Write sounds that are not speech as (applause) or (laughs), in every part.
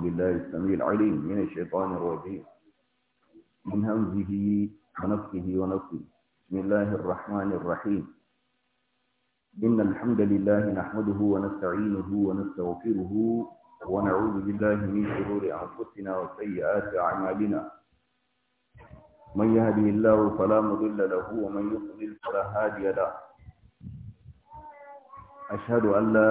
بالله السميع العليم من الشيطان الرجيم من همزه ونفسه ونفسه بسم الله الرحمن الرحيم إن الحمد لله نحمده ونستعينه ونستغفره ونعوذ بالله من شرور أنفسنا وسيئات أعمالنا من يهده الله فلا مضل له ومن يضلل فلا هادي له أشهد أن لا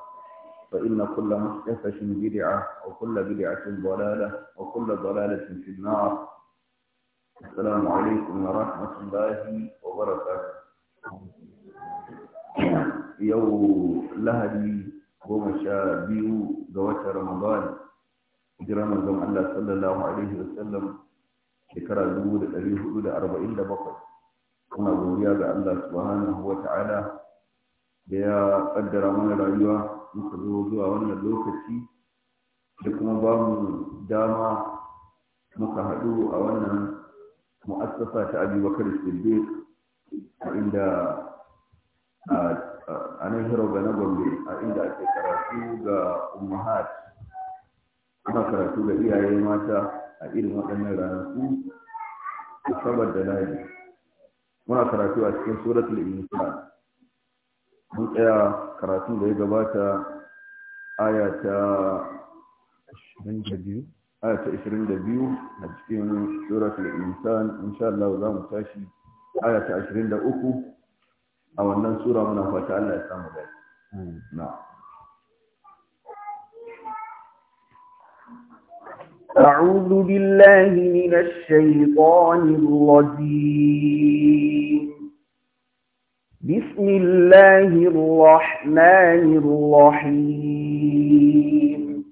فإن كل محدثة بدعة وكل بدعة ضلالة وكل ضلالة في النار السلام عليكم ورحمة الله وبركاته يو لهدي ومشى بيو دوات رمضان جرام الزم الله صلى الله عليه وسلم شكرا جمود الأبي هؤلاء أربعين لبقر كما بمياد الله سبحانه وتعالى يا قدر من رأيوه muka zo zuwa wannan lokaci da kuma ba mu dama muka haɗu a wannan mu'assasa ta abubakar siddiq a inda a nan hero ga na gombe a inda ake karatu ga ummahat ana karatu ga iyaye mata a irin waɗannan ranaku saboda lahi muna karatu a cikin suratul insan mun tsaya karatun da ya gabata aya ta 22 a cikin suratul insan insha Allah za mu tashi aya ta 23 a wannan sura muna fata Allah ya samu da na أعوذ بالله من الشيطان الرجيم بسم الله الرحمن الرحيم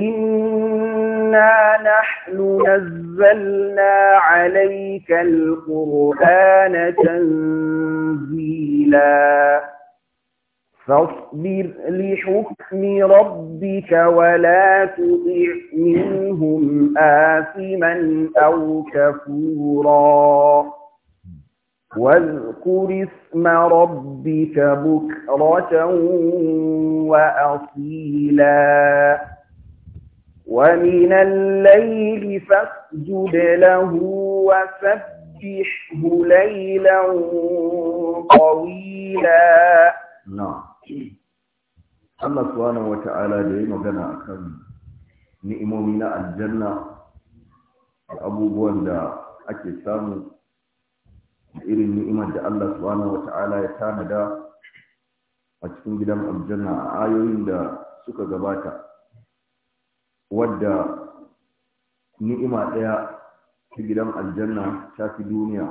إنا نحن نزلنا عليك القرآن تنزيلا فاصبر لحكم ربك ولا تطع منهم آثما أو كفورا واذكر اسم ربك بكرة وأصيلا ومن الليل فاسجد له وسبحه ليلا طويلا نعم الله سبحانه وتعالى دائما ya أكرم نئم ni'imomi الجنة aljanna da abubuwan irin ni'imar da Allah subhanahu wa ta'ala ya tanada a cikin gidan aljanna a ayoyin da suka gabata wadda ni'ima ɗaya ta gidan aljanna ta fi duniya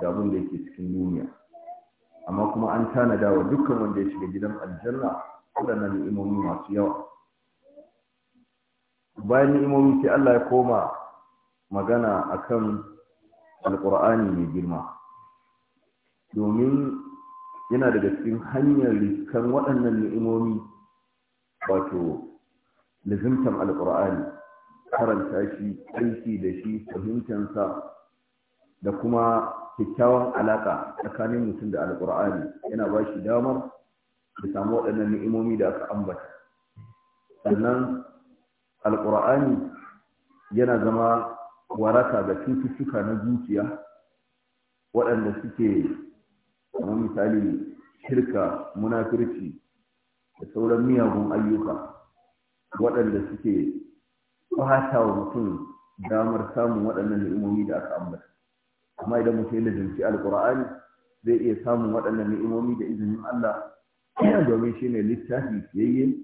da abin da yake cikin duniya amma kuma an tanada wa dukkan wanda ya shiga gidan aljanna waɗannan ni'imomi masu yawa bayan ni'imomi sai Allah ya koma magana akan alƙur'ani mai girma domin yana daga cikin hanyar rikan waɗannan ni'imomi wato lazimtan alƙur'ani karanta shi aiki da shi fahimtansa da kuma kyakkyawan alaƙa tsakanin mutum da alƙur'ani yana ba shi damar da samu waɗannan ni'imomi da aka ambata sannan alƙur'ani yana zama waraka ga cututtuka na zuciya waɗanda suke kamar misali shirka munafirci da sauran miyagun ayyuka waɗanda suke fata wa mutum damar samun waɗannan ni'imomi da aka ambata amma idan mutum ya lajinci alƙur'ani zai iya samun waɗannan ni'imomi da izinin Allah (clears throat) domin shi ne littafi fiyayye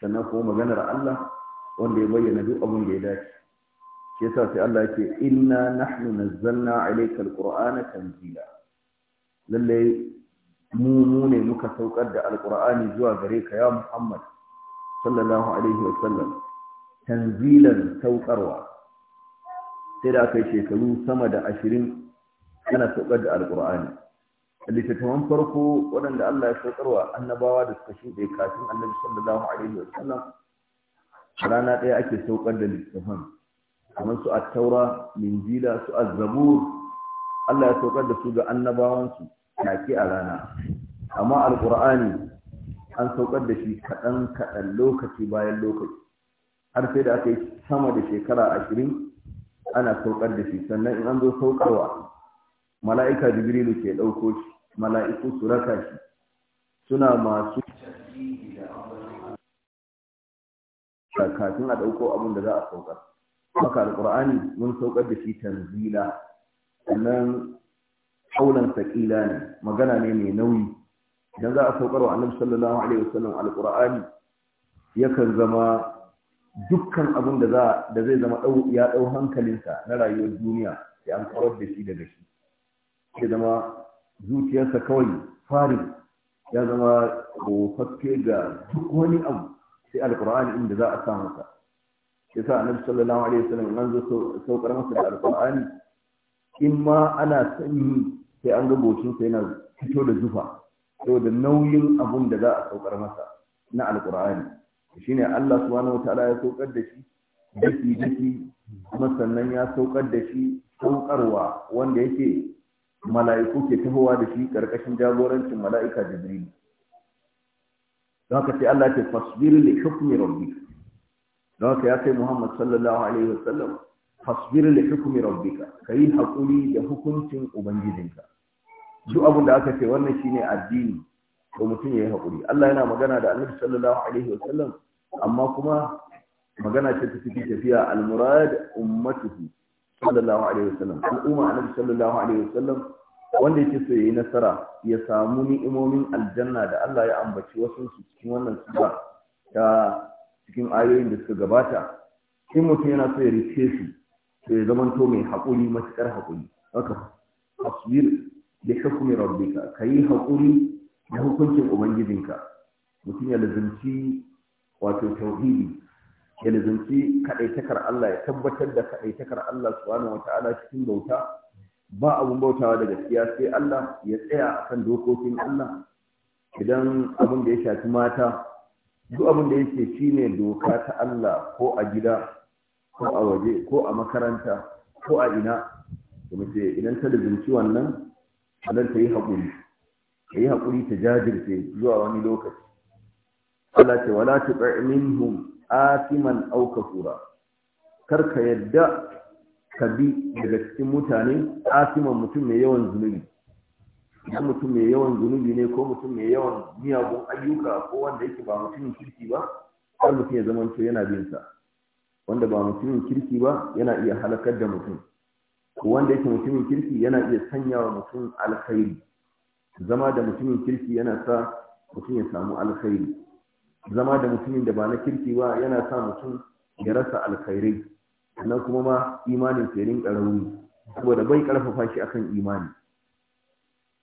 sannan kuma maganar Allah wanda ya bayyana duk abin da ya dace shi yasa sai Allah ya ce inna nahnu nazzalna alaykal kan tanzila lallai mu ne muka saukar da alqur'ani zuwa gare ka ya muhammad sallallahu alaihi wasallam tanzilan saukarwa sai da aka yi shekaru sama da ashirin ana saukar da alkur'ani littattafan farko waɗanda Allah ya saukarwa annabawa da suka shuɗe kafin annabi sallallahu alaihi wa sallam rana ɗaya ake saukar da littattafan kamar su at-taura linjila su az-zabur Allah ya saukar da su ga annabawansu yake a rana amma alkur'ani an saukar da shi kaɗan kaɗan lokaci bayan lokaci har sai da aka yi sama da shekara ashirin ana saukar da shi sannan in an zo saukarwa mala'ika jibrilu ke ɗauko shi mala'iku su raka shi suna masu kafin a ɗauko abin da za a saukar haka alkur'ani mun saukar da shi tanzila sannan haulan saƙila ne magana ne mai nauyi idan za a saukar wa annabi sallallahu alaihi wasallam alqur'ani yakan zama dukkan abin da za da zai zama ya dau hankalinsa na rayuwar duniya sai an da shi daga shi sai zama zuciyarsa kawai fari ya zama kofakke ga duk wani abu sai alqur'ani inda za a sa masa yasa annabi sallallahu alaihi wasallam nan zo saukar masa da alqur'ani in ma ana sanyi sai an ga goshinsa yana fito da zufa da nauyin abun da za a saukar masa na alkur'ani ne Allah subhanahu wataala ya saukar da shi daki daki kuma sannan ya saukar da shi saukarwa wanda yake mala'iku ke tahowa da shi karkashin jagorancin mala'ika jibril don haka sai Allah ya ce fasbir li hukmi rabbik don haka ya kai Muhammad sallallahu alaihi wasallam fasbir li hukmi rabbika kayi hakuri da hukuncin ubangijinka duk abin da aka ce wannan shine addini to mutum yayi hakuri Allah yana magana da Annabi sallallahu alaihi wasallam amma kuma magana ce ta cikin tafiya al-murad ummatuhu sallallahu alaihi wasallam al'umma Annabi sallallahu alaihi wasallam wanda yake so yayi nasara ya samu ni'imomin aljanna da Allah ya ambaci wasu su cikin wannan sura ta cikin ayoyin da suka gabata in mutum yana so ya rike su ya zama to mai haƙuri matuƙar haƙuri haka asbir bi hukmi rabbika ka yi haƙuri da hukuncin ubangijinka mutum ya lazimci wato tauhidi ya lazimci kaɗaitakar Allah ya tabbatar da kaɗaitakar Allah subhanahu wata'ala cikin bauta ba abun bautawa da gaskiya sai Allah ya tsaya akan dokokin Allah idan abin da ya shafi mata duk abin da yake shine doka ta Allah ko a gida ko a waje ko a makaranta ko a ina da mace idan ta lubunci wannan halar ta yi haƙuri ta yi haƙuri ta jajirce zuwa wani lokaci Allah ce wala tuqa minhum asiman auka kura, kar ka yadda ka bi daga cikin mutane asiman mutum mai yawan zunubi idan mutum mai yawan zunubi ne ko mutum mai yawan miyagun ayyuka ko wanda yake ba mutumin kirki ba kar mutum ya zama yana bin wanda ba mutumin kirki ba yana iya halakar da mutum ko wanda yake mutumin kirki yana iya sanya wa mutum alkhairi zama da mutumin kirki yana sa mutum ya samu alkhairi zama da mutumin da ba na kirki ba yana sa mutum ya rasa alkhairai sannan kuma ma imanin sa rinka rauni saboda bai ƙarfafa shi akan imani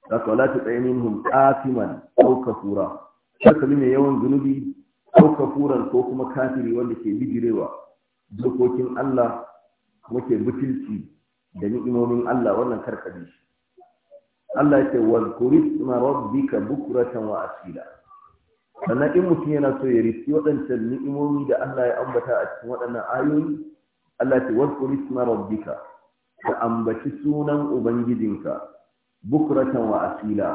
ka wala ta tsaye minhum qatiman ko kafura shakali mai yawan zunubi ko kafuran ko kuma kafiri wanda ke bijirewa dokokin Allah muke ke da ni'imomin Allah wannan karkabe shi Allah yake wazkuri ma rabbika bukratan wa asila sannan in mutum yana so ya rici waɗancan ni'imomi da Allah ya ambata a cikin waɗannan ayoyi Allah yake wazkuri ma rabbika ka ambaci sunan ubangijinka bukratan wa asila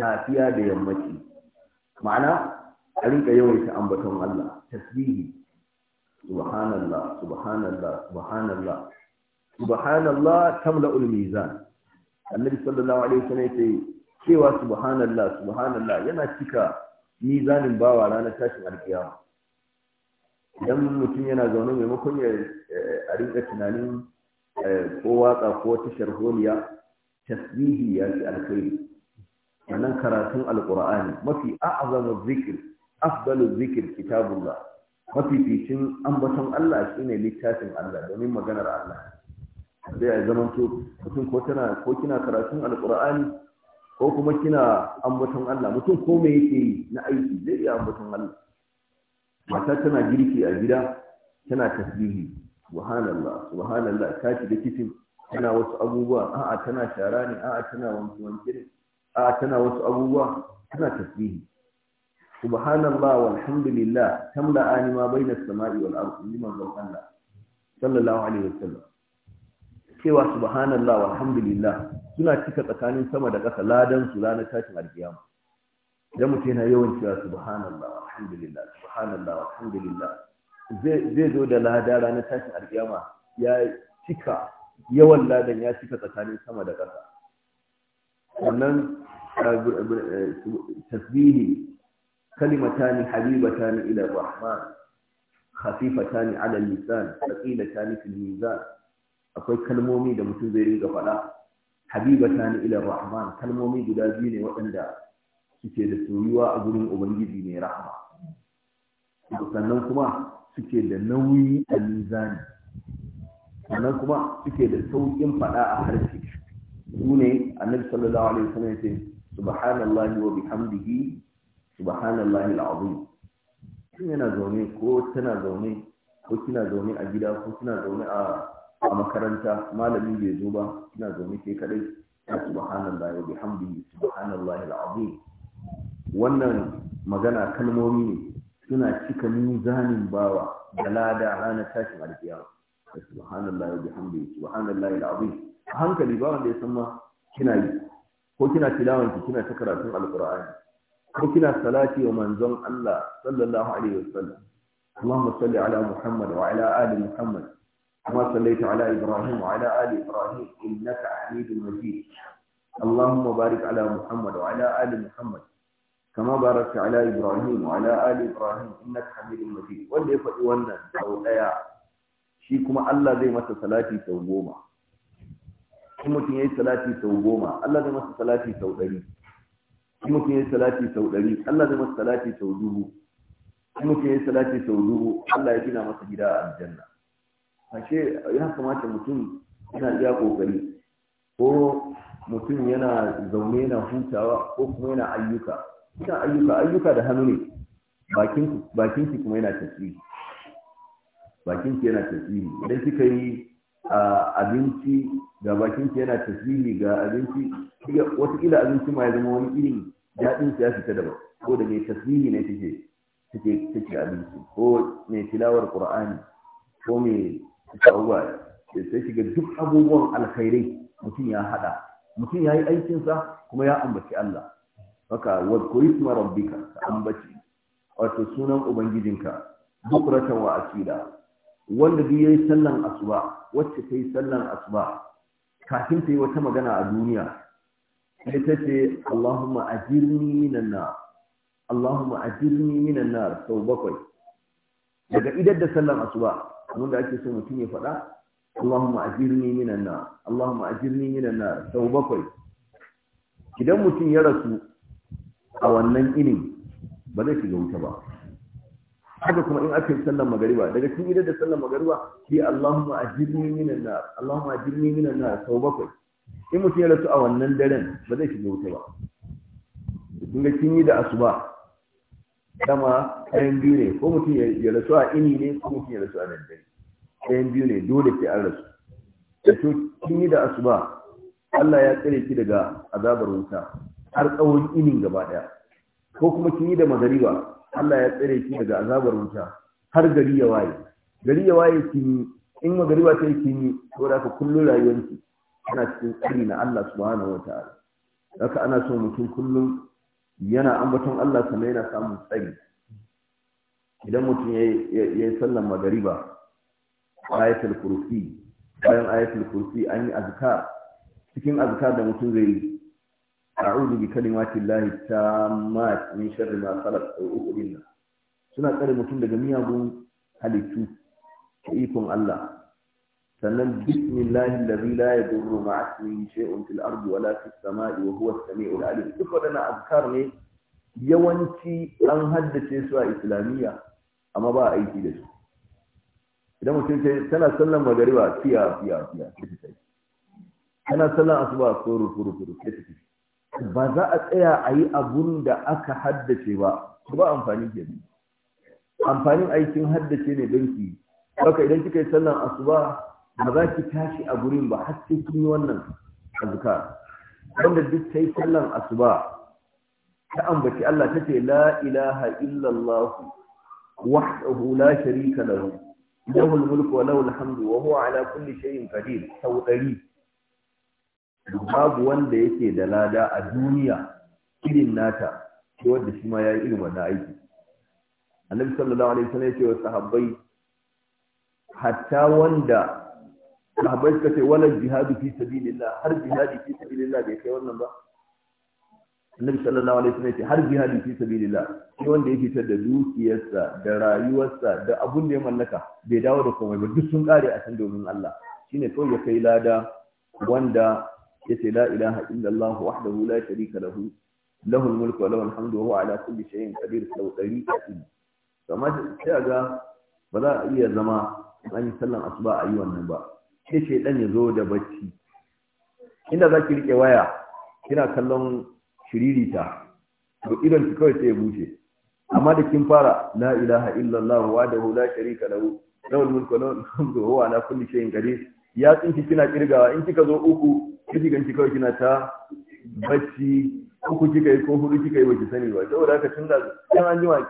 safiya da yammaci ma'ana a rinka yawaita ambaton Allah tasbihi subhanallah subhanallah subhanallah subhanallah tamla'ul mizan annabi sallallahu alaihi wasallam yace cewa subhanallah subhanallah yana cika mizanin bawa ranar tashin alkiyama idan mutum yana zaune maimakon ya eh, a rinka tunanin eh, ko watsa ko ta sharholiya tasbihi ya fi alkhairi Wannan karatun alqur'ani mafi a'azamu zikir afdalu zikir kitabullah mafificin ambaton Allah shine littafin Allah domin maganar Allah sai ya zama to mutum ko tana ko kina karatun alqur'ani ko kuma kina ambaton Allah mutum ko me yake na aiki zai iya ambaton Allah mata tana girki a gida tana tasbihi subhanallah subhanallah ta da kitin tana wasu abubuwa a'a tana shara ne a'a tana wanke wanke ne a'a tana wasu abubuwa tana tasbihi subhanallah walhamdulillah tamla'ani ma bayna as-sama'i wal ardi liman Allah sallallahu alaihi wasallam cewa subhanallah walhamdulillah suna cika tsakanin sama da ƙasa ladan su ranar tashin alkiyama idan mutum yana yawan cewa subhanallah walhamdulillah subhanallah walhamdulillah zai zo da lada ranar tashin alkiyama ya cika yawan ladan ya cika tsakanin sama da ƙasa sannan eh, eh, tasbihi كلمتان حبيبتان إلى الرحمن خفيفتان على اللسان ثقيلتان في الميزان akwai kalmomi da mutum zai rinka faɗa habibata ni ila rahman kalmomi guda biyu ne waɗanda suke da soyuwa a gurin ubangiji mai rahama sannan kuma suke da nauyi a mizani sannan kuma suke da sauƙin faɗa a harshe su ne annabi sallallahu alaihi wasallam ya ce subhanallahi wa bihamdihi subhanallahi alazim tun yana zaune ko tana zaune ko kina zaune a gida ko kina zaune a a makaranta malami bai zo ba kina zaune ke kadai ya subhanallahi wa bihamdihi subhanallahi alazim wannan magana kalmomi ne suna cika mizanin bawa da lada ranar tashin alkiyama subhanallahi wa bihamdihi subhanallahi alazim a hankali ba wanda ya san ma kina yi ko kina tilawanki kina ta karatun alqur'ani ko kina salati wa manzon Allah sallallahu alaihi wasallam Allahumma salli ala Muhammad wa ala ali Muhammad kama sallaita ala Ibrahim wa ala ali Ibrahim innaka Hamidum Majid Allahumma barik ala Muhammad wa ala ali Muhammad kama barakta ala Ibrahim wa ala ali Ibrahim innaka Hamidum Majid wanda ya faɗi wannan sau ɗaya. shi kuma Allah zai masa salati sau goma in mutum ya yi salati sau goma Allah zai masa salati sau ɗari in mutum ya salati sau ɗari Allah zai masa salati sau dubu in mutum ya salati sau dubu Allah ya gina masa gida a aljanna ashe ya kamata mutum yana iya kokari ko mutum yana zaune yana hutawa ko kuma yana ayyuka yana ayyuka ayyuka da hannu ne bakin ki kuma yana tasiri bakin ki yana tasiri idan kika yi a abinci ga bakin ki yana tasiri ga abinci wataƙila abinci ma ya zama wani irin daɗin ya fita daban ko da mai tasbihi ne take take take abinci ko mai tilawar qur'ani ko mai tawwa sai shiga duk abubuwan alkhairai mutum ya hada mutum ya yi aikinsa kuma ya ambaci Allah haka wadkuri kuma rabbika ka ambaci wato sunan ubangijinka bukuratan wa asila wanda duk yayi sallan asuba wacce ta yi sallan asuba kafin ta yi wata magana a duniya ita ce Allahumma ajirni minan nar Allahumma ajirni minan nar sau bakwai daga idar da sallar asuba abin da ake so mutum ya faɗa Allahumma ajirni minan nar Allahumma ajirni minan nar sau bakwai idan mutum ya rasu a wannan irin ba zai shiga wuta ba haka kuma in aka yi sallar magariba daga cikin idar da sallar magariba shi Allahumma ajirni minan nar Allahumma ajirni minan nar sau bakwai in mutum ya rasu a wannan daren ba zai shiga wuta ba kun ga kin yi da asuba dama ɗayan biyu ne ko mutum ya rasu a ini ne ko mutum ya rasu a dare ɗayan biyu ne dole sai an rasu da su kin yi da asuba Allah ya tsare ki daga azabar wuta har tsawon inin gaba ɗaya ko kuma kin yi da magariba Allah ya tsare ki daga azabar wuta har gari ya waye gari ya waye kin yi in magariba sai kin yi saboda ka kullu rayuwarki Ana cikin tsari na Allah subhanahu wa ta'ala haka ana so mutum kullum yana ambaton Allah sannan yana samun tsari idan mutum ya yi sallan magariba ayatul kursi bayan ayatul kursi an yi azka cikin azka da mutum zai yi a'udhu bi kalimati llahi tammat min sharri ma khalaq wa a'udhu suna tsare mutum daga miyagun halittu ta ikon Allah sannan bismillahi allazi la yadurru ma'a ismihi shay'un fil ardi wala fis sama'i wa huwa as-sami'ul alim duk wadannan azkar ne yawanci an haddace su a islamiyya amma ba aiki da su idan mutum ce tana sallan magariba fiya fiya fiya sai ta yi tana sallan asuba furu furu furu sai ba za a tsaya a yi abun da aka haddace ba ba amfani ke amfanin aikin haddace ne banki. ki idan kika yi sallan asuba ba za ki tashi a gurin ba har sai kun yi wannan azka wanda duk yi sallan asuba ta ambaci Allah ce la ilaha illa Allah wahdahu la sharika lahu lahu mulku wa lahu alhamdu wa huwa ala kulli shay'in qadir sau dari babu wanda yake da lada a duniya irin nata sai wanda shi ma yayi irin wannan aiki Annabi sallallahu alaihi wasallam ya ce wa sahabbai hatta wanda sahabai suka ce wala jihadu fi sabilillah har jihadi fi sabilillah bai kai wannan ba annabi sallallahu alaihi wasallam ya ce har jihadi fi sabilillah shi wanda ya fitar da dukiyarsa da rayuwarsa da abun da ya mallaka bai dawo da komai ba duk sun kare a can domin Allah shine kawai ya kai lada wanda ya ce la ilaha illallah wahdahu la sharika lahu lahu almulku wa lahu alhamdu wa huwa ala kulli shay'in qadir sau 100 kamar sai ga ba za a iya zama an yi sallan asuba a yi wannan ba sai shaidan ya zo da bacci inda za ki rike waya kina kallon shiririta to idan ki kawai sai ya bushe amma da kin fara la ilaha illallah wahdahu la sharika lahu lawal mulku wa lahul hamdu huwa ala kulli shay'in qadir ya tsinki kina kirgawa in kika zo uku kiji ganki kawai kina ta bacci uku kika yi ko hudu kika yi baki sani ba saboda haka tun da kan an jima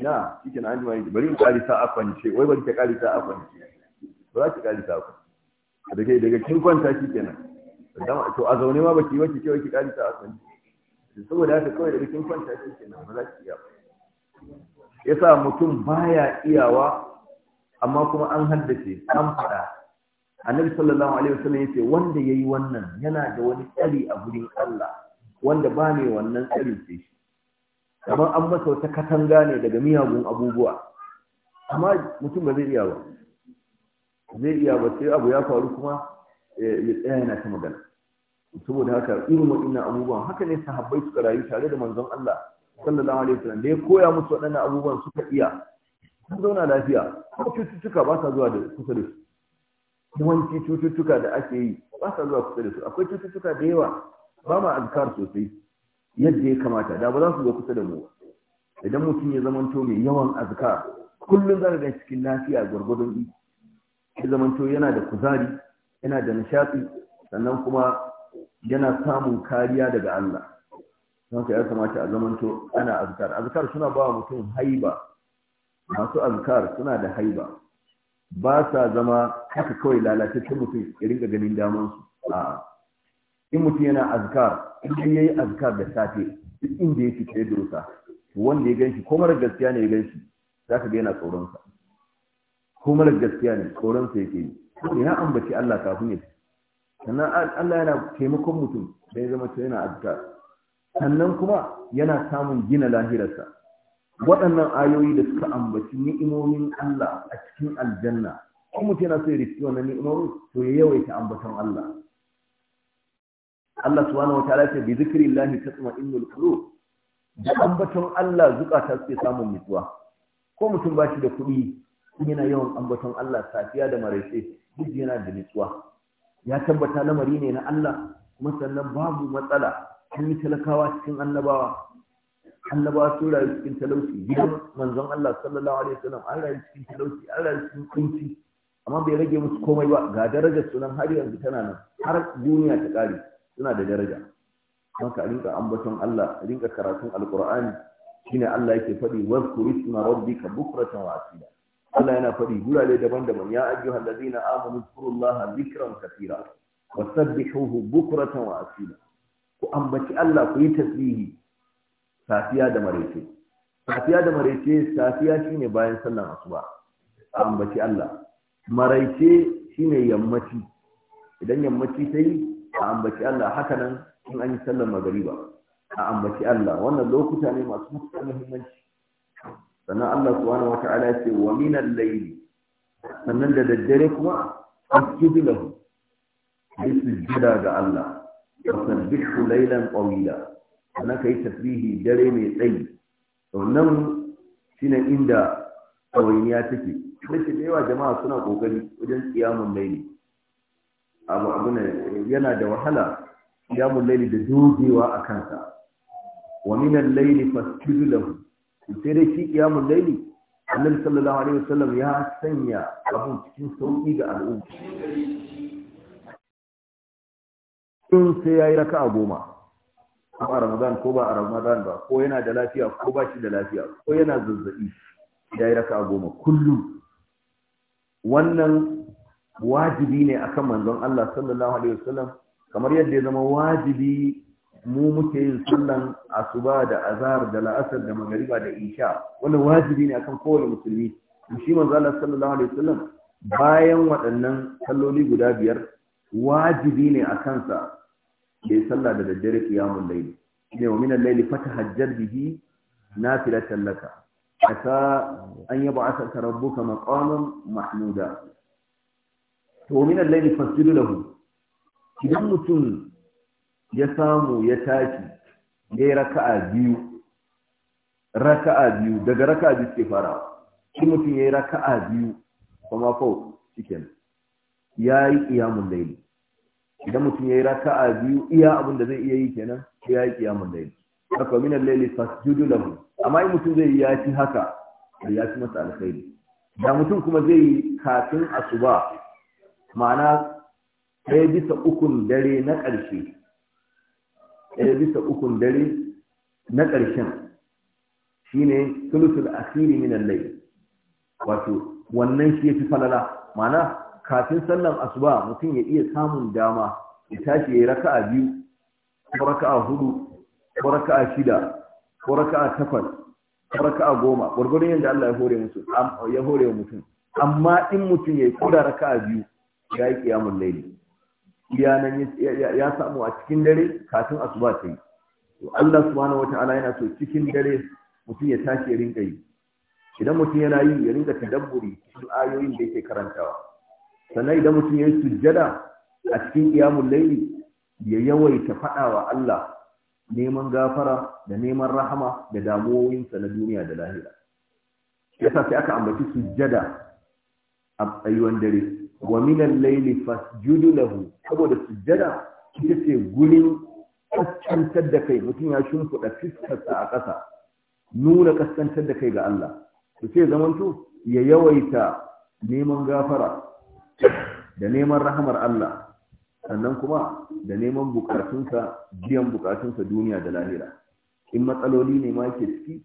na kike na an jima bari in karisa sa'a kwance wai bari ta karisa sa'a kwance ba za ki karisa ku da kai daga kin kwanta ki kenan to a zaune ma baki baki kewa ki karisa a kan saboda haka kawai daga kin kwanta ki kenan ba za ki iya ba yasa mutum baya iyawa amma kuma an haddace an faɗa annabi sallallahu alaihi wasallam yace wanda yayi wannan yana da wani tsari a gurin Allah wanda ba ne wannan tsari ce shi kamar an masa wata katanga ne daga miyagun abubuwa amma mutum ba zai iya ba zai iya ba sai abu ya faru kuma eh, ya tsaya yana ta magana saboda haka irin waɗannan abubuwan haka ne sahabbai suka rayu tare da manzon Allah sallallahu alaihi wasallam da ya koya musu waɗannan abubuwan suka iya sun zauna lafiya cututtuka ba sa zuwa da kusa da su yawanci cututtuka da ake yi ba sa zuwa kusa da su akwai cututtuka da yawa ba ma azkar sosai yadda ya kamata da ba za su zo kusa da mu idan mutum ya zamanto mai yawan azkar kullum zaka ga cikin lafiya gwargwadon iko ya zamanto yana da kuzari yana da nishaɗi sannan kuma yana samun kariya daga Allah don ka ya kamata a zamanto ana azkar azkar suna ba mutum haiba masu azkar suna da haiba ba sa zama haka kawai lalataccen mutum ya rinka ganin su. a in mutum yana azkar in ya yi azkar da safe duk inda ya fita ya dosa wanda ya ganshi ko mara gaskiya ne ya ganshi za ka ga yana sa ko mara gaskiya ne tsoronsa yake yi ya ambaci Allah kafin ya sannan Allah yana taimakon mutum da ya zama yana azka sannan kuma yana samun gina lahirarsa waɗannan ayoyi da suka ambaci ni'imomin Allah a cikin aljanna ko mutum yana so ya riski wannan ni'imomin to ya yawaita ambaton Allah Allah subhanahu wataala ce bi zikrillahi tatma'innul qulub da ambaton Allah zukata suke samun mutuwa ko mutum ba shi da kuɗi yana yawan ambaton Allah safiya da maraice duk yana da nutsuwa ya tabbata lamari ne na Allah kuma sannan babu matsala an yi talakawa cikin annabawa annabawa sun rayu cikin talauci gidan manzon Allah sallallahu alaihi wasallam an rayu cikin talauci an rayu cikin kunci amma bai rage musu komai ba ga darajar sunan har yanzu tana nan har duniya ta kare suna da daraja don ka rinka ambaton Allah rinka karatun alqur'ani shine Allah yake faɗi wazkur isma rabbika bukratan wa asila Allah yana faɗi gurare daban-daban ya ayyuhal ladina amanu kafira zikran kathira shuhu bukuratan wa asila ku ambaci Allah ku yi tasbihi safiya da maraice safiya da maraice safiya shine bayan sallan asuba a ambaci Allah maraice shine yammaci idan yammaci ta yi a ambaci Allah haka nan in an yi sallar magariba a ambaci Allah wannan lokuta ne masu mutuwar muhimmanci sannan Allah subhanahu wata'ala ya ce wa minal layli sannan da daddare kuma asjudu lahu su sujjada ga Allah wa sabbihu laylan na sannan kai tasbihi dare mai tsayi to nan shine inda tsawainiya take kace da yawa jama'a suna kokari wajen tsiyamun laili abu abu yana da wahala tsiyamun laili da dogewa a kansa wa minal layli fasjudu lahu sai dai shi kiyamun laili annabi sallallahu alaihi wasallam ya sanya abu cikin sauki ga al'umma in sai ya yi raka a goma a ramadan ko ba a ramadan ba ko yana da lafiya ko ba shi da lafiya ko yana zazzabi ya yi raka a goma kullum wannan wajibi ne akan manzon Allah sallallahu alaihi wasallam kamar yadda ya zama wajibi mu muke yin sallan asuba da azhar da la'asar da magariba da isha wannan wajibi ne akan kowane musulmi shi manzo Allah sallallahu alaihi wasallam bayan waɗannan salloli guda biyar wajibi ne a kansa ya sallah da daddare qiyamul layl ne wa min al-layli fatahajjar bihi nafilatan laka asa an yab'athaka rabbuka maqaman mahmuda to min al-layli fasjudu lahu idan mutum ya samu ya tashi ya yi raka'a biyu raka'a biyu daga raka'a biyu suke farawa shi mutum ya yi raka'a biyu kuma fau cikin ya yi iyamun laili idan mutum ya yi raka'a biyu iya abin da zai iya yi kenan ya yi iyamun laili haka minan laili fasjudu lahu amma in mutum zai yi ya ci haka da ya ci masa alkhairi da mutum kuma zai yi kafin asuba ma'ana sai bisa ukun dare na ƙarshe ɗaya bisa ukun dare na ƙarshen shine sulusul asiri minan lai wato wannan shi ya fi falala mana kafin sallan asuba mutum ya iya samun dama ya tashi ya yi raka'a biyu ko raka'a hudu ko raka'a shida ko raka'a takwas ko raka'a goma gwargwaron yadda Allah ya hore musu mutum amma in mutum ya kura raka'a biyu ya yi kiyamun laili yanan ya samu a cikin dare kafin asuba ta yi to Allah subhanahu wata'ala yana so cikin dare mutum ya tashi ya rinka yi idan mutum yana yi ya rinka tadabburi cikin ayoyin da yake karantawa sannan idan mutum ya yi sujjada a cikin iyamun layli ya yawaita faɗa wa Allah neman gafara da neman rahama da damuwoyinsa na duniya da lahira yasa sai aka ambaci sujjada a tsayuwan dare wa minan laili fasjudu lahu saboda sujjada ita ce gurin kaskantar da kai mutum ya shimfiɗa fiskarsa a ƙasa nuna kaskantar da kai ga Allah to sai zamanto ya yawaita neman gafara da neman rahamar Allah sannan kuma da neman bukatunsa biyan bukatunsa duniya da lahira in matsaloli ne ma ke ciki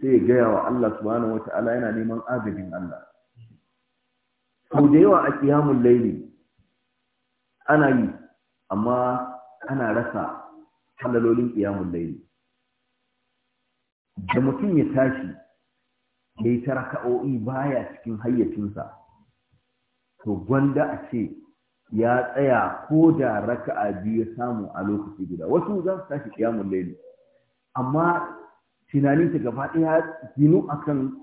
sai ya gaya wa Allah subhanahu wata'ala yana neman agajin Allah sau da yawa a kiyamun laili ana yi amma ana rasa halalolin kiyamun laili da mutum ya tashi ya yi ta raka'o'i baya cikin hayyacinsa to gwanda a ce ya tsaya ko da raka'a biyu ya samu a lokaci guda wasu za su tashi kiyamun laili amma tunaninta gaba ɗaya ginu akan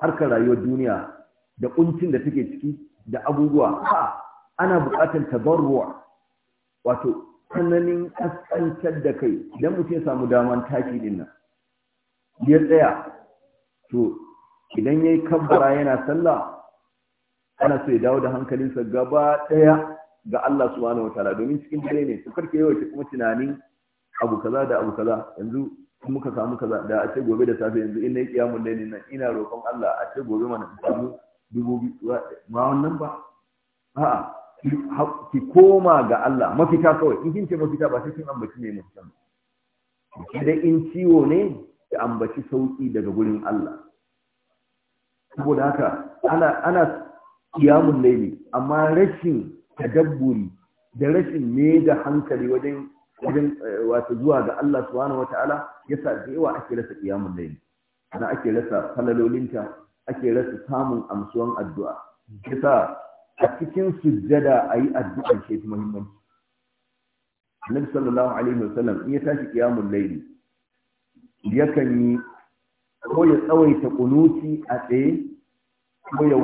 harkar rayuwar duniya da kuncin da take ciki da abubuwa ha ana buƙatar tabarruwa wato tsananin kaskantar da kai idan mutum ya samu daman taki din nan ya tsaya to idan yayi kabbara yana sallah ana so ya dawo da hankalinsa gaba ɗaya ga Allah subhanahu wataala domin cikin dare ne su farke yau kuma tunanin abu kaza da abu kaza yanzu muka samu kaza da a ce gobe da safe yanzu in na yi kiyamun layli nan ina roƙon Allah a ce gobe mana samu ba wannan ba a'a ki koma ga Allah mafita kawai in kin ce mafita ba sai kin ambaci ne mafita ba dai in ciwo ne ki ambaci sauki daga gurin Allah saboda haka ana ana kiyamun laili amma rashin tadabburi da rashin ne da hankali wajen wajen eh, wato zuwa ga Allah subhanahu wataala yasa da yawa ake rasa kiyamun laili ana ake rasa falalolinta ake rasa samun amsuwan addu'a kisa a cikin sujjada a yi addu'an shi fi muhimmanci annabi sallallahu alaihi wasallam in ya tashi qiyamul layli yakan yi ko ya tsawaita kunuti a tsaye ko ya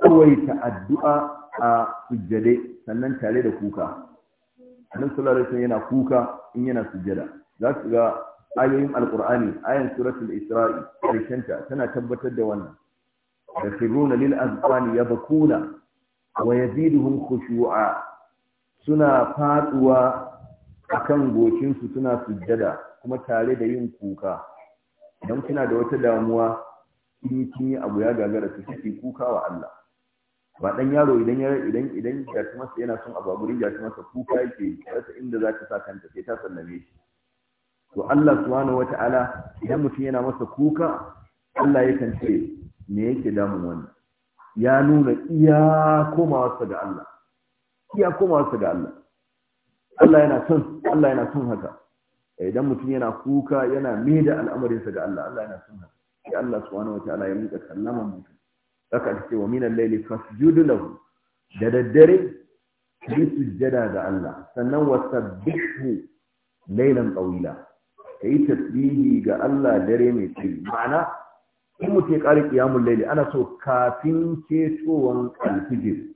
tsawaita addu'a a sujjade sannan tare da kuka annabi sallallahu alaihi yana kuka in yana sujjada za su ga ayoyin alqur'ani ayan suratul isra'i ƙarshenta tana tabbatar da wannan lil يخرون للأذقان يبكون ويزيدهم خشوعا suna فاتوا akan gocinsu suna sujjada kuma tare da yin kuka idan kina da wata damuwa in kin yi abu ya gagara su kike kuka wa Allah ba dan yaro idan idan idan masa yana son abu gurin gashi masa kuka yake rasa inda zaka sa kanta sai ta sallame shi to Allah subhanahu wata'ala idan mutum yana masa kuka Allah yakan ce me yake damun wannan ya nuna iya komawarsa ga Allah iya komawarsa ga Allah Allah yana son Allah yana son haka eh, idan mutum yana kuka yana mai da al'amarinsa ga Allah Allah yana son haka sai Allah subhanahu wataala ya miƙa sallama mutum haka ake cewa min al-layli fasjud lahu da daddare yi sujjada ga Allah sannan wasabbihu laylan tawila kai tasbihi ga Allah dare mai tsayi ma'ana in mutum ya ƙari ƙiyamun laili ana so kafin ketowar alfijir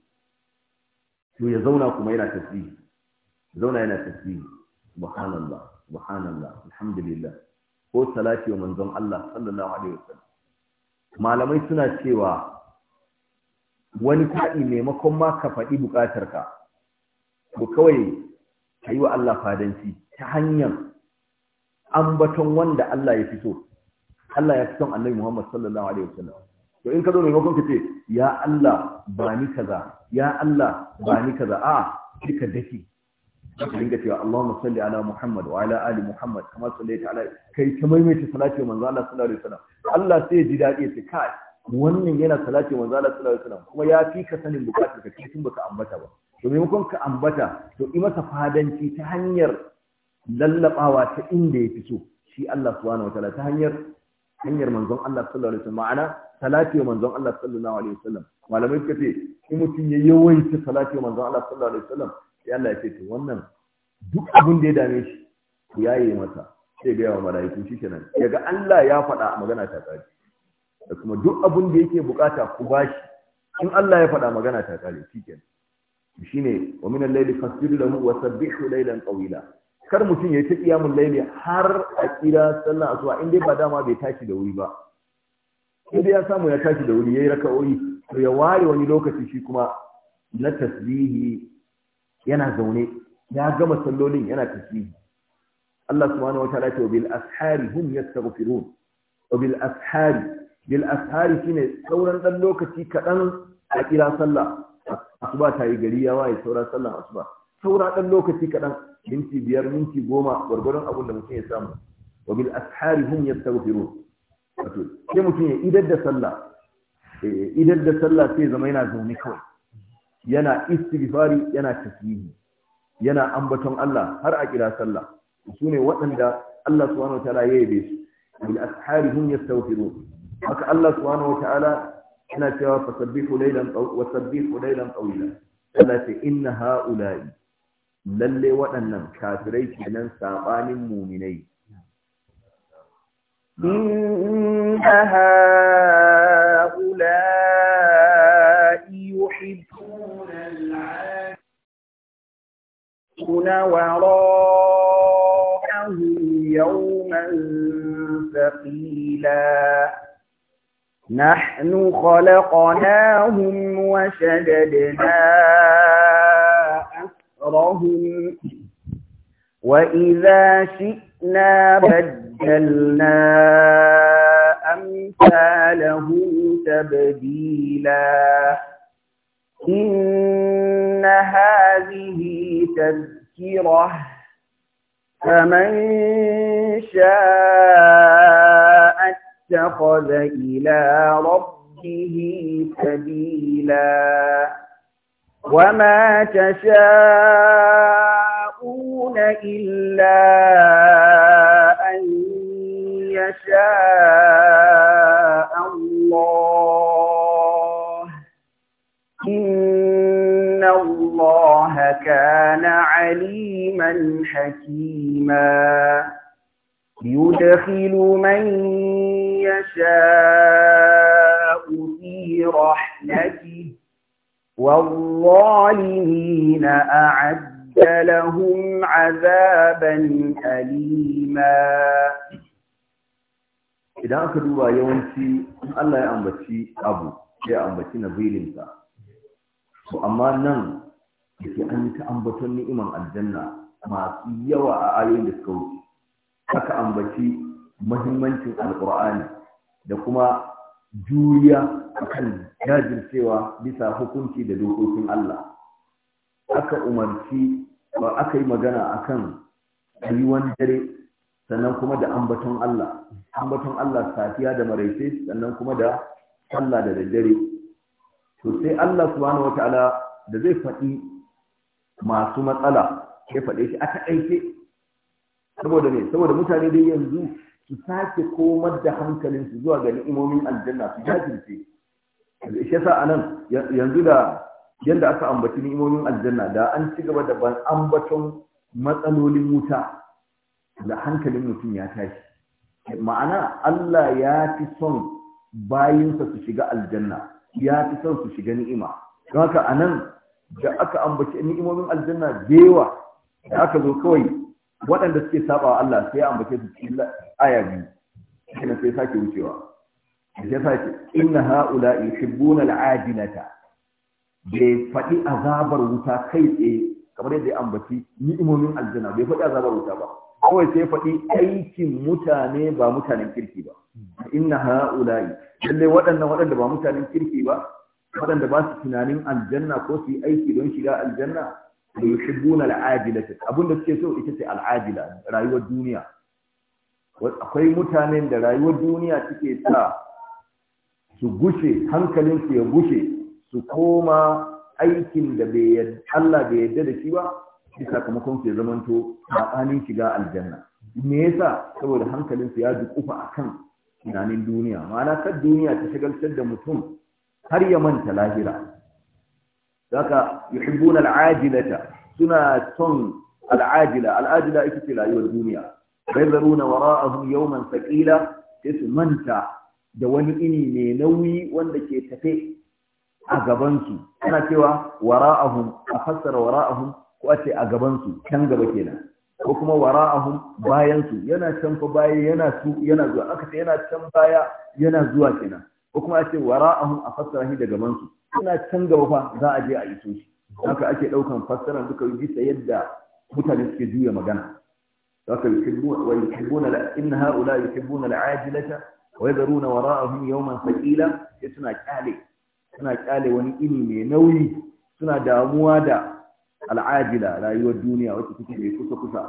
to ya zauna kuma yana tasbihi zauna yana tasbihi subhanallah subhanallah alhamdulillah ko salati wa manzon Allah sallallahu alaihi wasallam malamai suna cewa wani kaɗi maimakon ma ka faɗi buƙatarka ko kawai ka yi wa Allah fadanci ta hanyar ambaton wanda Allah ya fi so Allah ya fi son annabi Muhammad sallallahu alaihi wasallam to in ka zo maimakon ka ce ya Allah ba ni kaza ya Allah ba ni kaza a sai ka dake ka dinga cewa Allahumma salli ala Muhammad wa ala ali Muhammad kama sallaita ala kai ta maimaita salati manzo Allah sallallahu alaihi wasallam Allah sai ya ji dadi ya ce kai wannan yana salati manzo Allah sallallahu alaihi wasallam kuma ya fi ka sanin bukatar ka kai tun baka ambata ba to maimakon ka ambata to yi masa fadanci ta hanyar lallabawa ta inda ya fi so shi Allah subhanahu wataala ta hanyar hanyar manzon Allah sallallahu alaihi wasallam ma'ana salati manzon Allah sallallahu alaihi wasallam malamai suka ce in mutum ya yawanci salati manzon Allah sallallahu alaihi wasallam sai Allah ya ce to wannan duk abin da ya dame shi ku yaye masa sai ga yawa malaiku shikenan yaga Allah ya faɗa magana ta tsari da kuma duk abin da yake bukata ku bashi in Allah ya faɗa magana ta kare shikenan shine wa min al-layli fasbihu lahu wa sabbihu laylan tawila kar mutum ya yi ta ƙiyamun laili har a kira sallah asuba in dai ba dama bai tashi da wuri ba in dai ya samu ya tashi da wuri yayi raka'o'i to ya ware wani lokaci shi kuma na tasbihi yana zaune ya gama sallolin yana tasbihi Allah subhanahu wa ta'ala ce bil ashari hum yastaghfirun wa bil ashari bil ashari shine sauran dan lokaci kadan a kira sallah asuba ta yi gari ya waye sauran sallah asuba saura dan lokaci kadan minti biyar minti goma gwargwaron abin da mutum ya samu wa bil ashari hum yastaghfirun wato sai mutum ya idar da sallah eh, idar da sallah sai zama yana zaune kawai yana istighfari yana tasbihi yana ambaton Allah har a kira sallah su ne waɗanda Allah subhanahu wataala ya yabe su bil ashari hum yastaghfirun haka Allah subhanahu wataala yana cewa fasabbihu laylan wa sabbihu laylan tawila Allah ta inna ha'ula'i lalle waɗannan kafirai kenan saɓanin muminai inna ha'ula'i yuhibbuna al'afuna wara'ahum yawman نحن خلقناهم وشددنا أجرهم وإذا شئنا بدلنا أمثالهم تبديلا إن هذه تذكرة فمن شاء اتخذ إلى ربه سبيلا وما تشاءون إلا أن يشاء الله إن الله كان عليما حكيما يدخل من يشاء في رحمته والظالمين أعد لهم عذابا أليما idan aka duba yawanci Allah ya ambaci abu ya ambaci nazirinsa to amma nan da ke an ta ambaton ni'iman aljanna masu yawa a ayoyin da suka wuce aka ambaci mahimmancin alkur'ani da kuma juriya akan jajircewa bisa hukunci da dokokin Allah aka umarci ba aka yi magana akan yiwuwan dare sannan kuma da ambaton Allah ambaton Allah safiya da maraice sannan kuma da sallah da daddare to sai Allah subhanahu wataala da zai faɗi masu matsala ya faɗe shi aka taƙaice saboda ne saboda mutane dai yanzu su sake komar da hankalinsu zuwa ga ni'imomin aljanna su jajirce shi yasa anan yanzu da yadda aka ambaci ni'imomin aljanna da an ci gaba da ban ambaton matsalolin wuta da hankalin mutum ya tashi ma'ana Allah ya fi son bayinsa su shiga aljanna ya fi son su shiga ni'ima don haka anan da aka ambaci ni'imomin aljanna da yawa da aka zo kawai waɗanda suke saba Allah sai ya ambace su cikin aya biyu sai sake wucewa da ta inna haula yuhibbuna al'ajilata bai faɗi azabar wuta kai tsaye kamar yadda ya ambaci ni'imomin aljanna bai faɗi azabar wuta ba kawai sai faɗi aikin mutane ba mutanen kirki ba inna haula lalle waɗannan waɗanda ba mutanen kirki ba waɗanda ba su tunanin aljanna ko su yi aiki don shiga aljanna da yuhibbuna al'ajilata abinda suke so ita ce al'ajila rayuwar duniya akwai mutanen da rayuwar duniya suke sa su gushe hankalinsu ya gushe su koma aikin da Allah bai yarda da shi ba shi sakamakon su ya zamanto saɓanin shiga aljanna me yasa saboda hankalinsu ya dukufa akan tunanin duniya ma'ana kan duniya ta shagaltar da mutum har ya manta lahira zaka yuhibbuna al'ajilata suna son al'ajila al'ajila ita ce rayuwar duniya bayzaruna wara'ahum yawman thaqila sai su manta da wani ini mai nauyi wanda ke tafe a gabansu ana cewa wara'ahum a fassara wara'ahum ko a ce a gabansu can gaba kenan ko kuma wara'ahum bayansu yana can fa baya yana su yana zuwa aka ce yana can baya yana zuwa kenan ko kuma a ce wara'ahum a fassara shi da gabansu yana can gaba fa za a je a iso shi haka ake daukan fassara duka bisa yadda mutane suke juya magana haka yuhibbuna wa yuhibbuna in ha'ula yuhibbuna al'ajilata wai zaruna wara'ahum yawman thaqila sai suna kyale suna kyale wani ini mai nauyi suna damuwa da al'ajila rayuwar duniya wacce take mai kusa kusa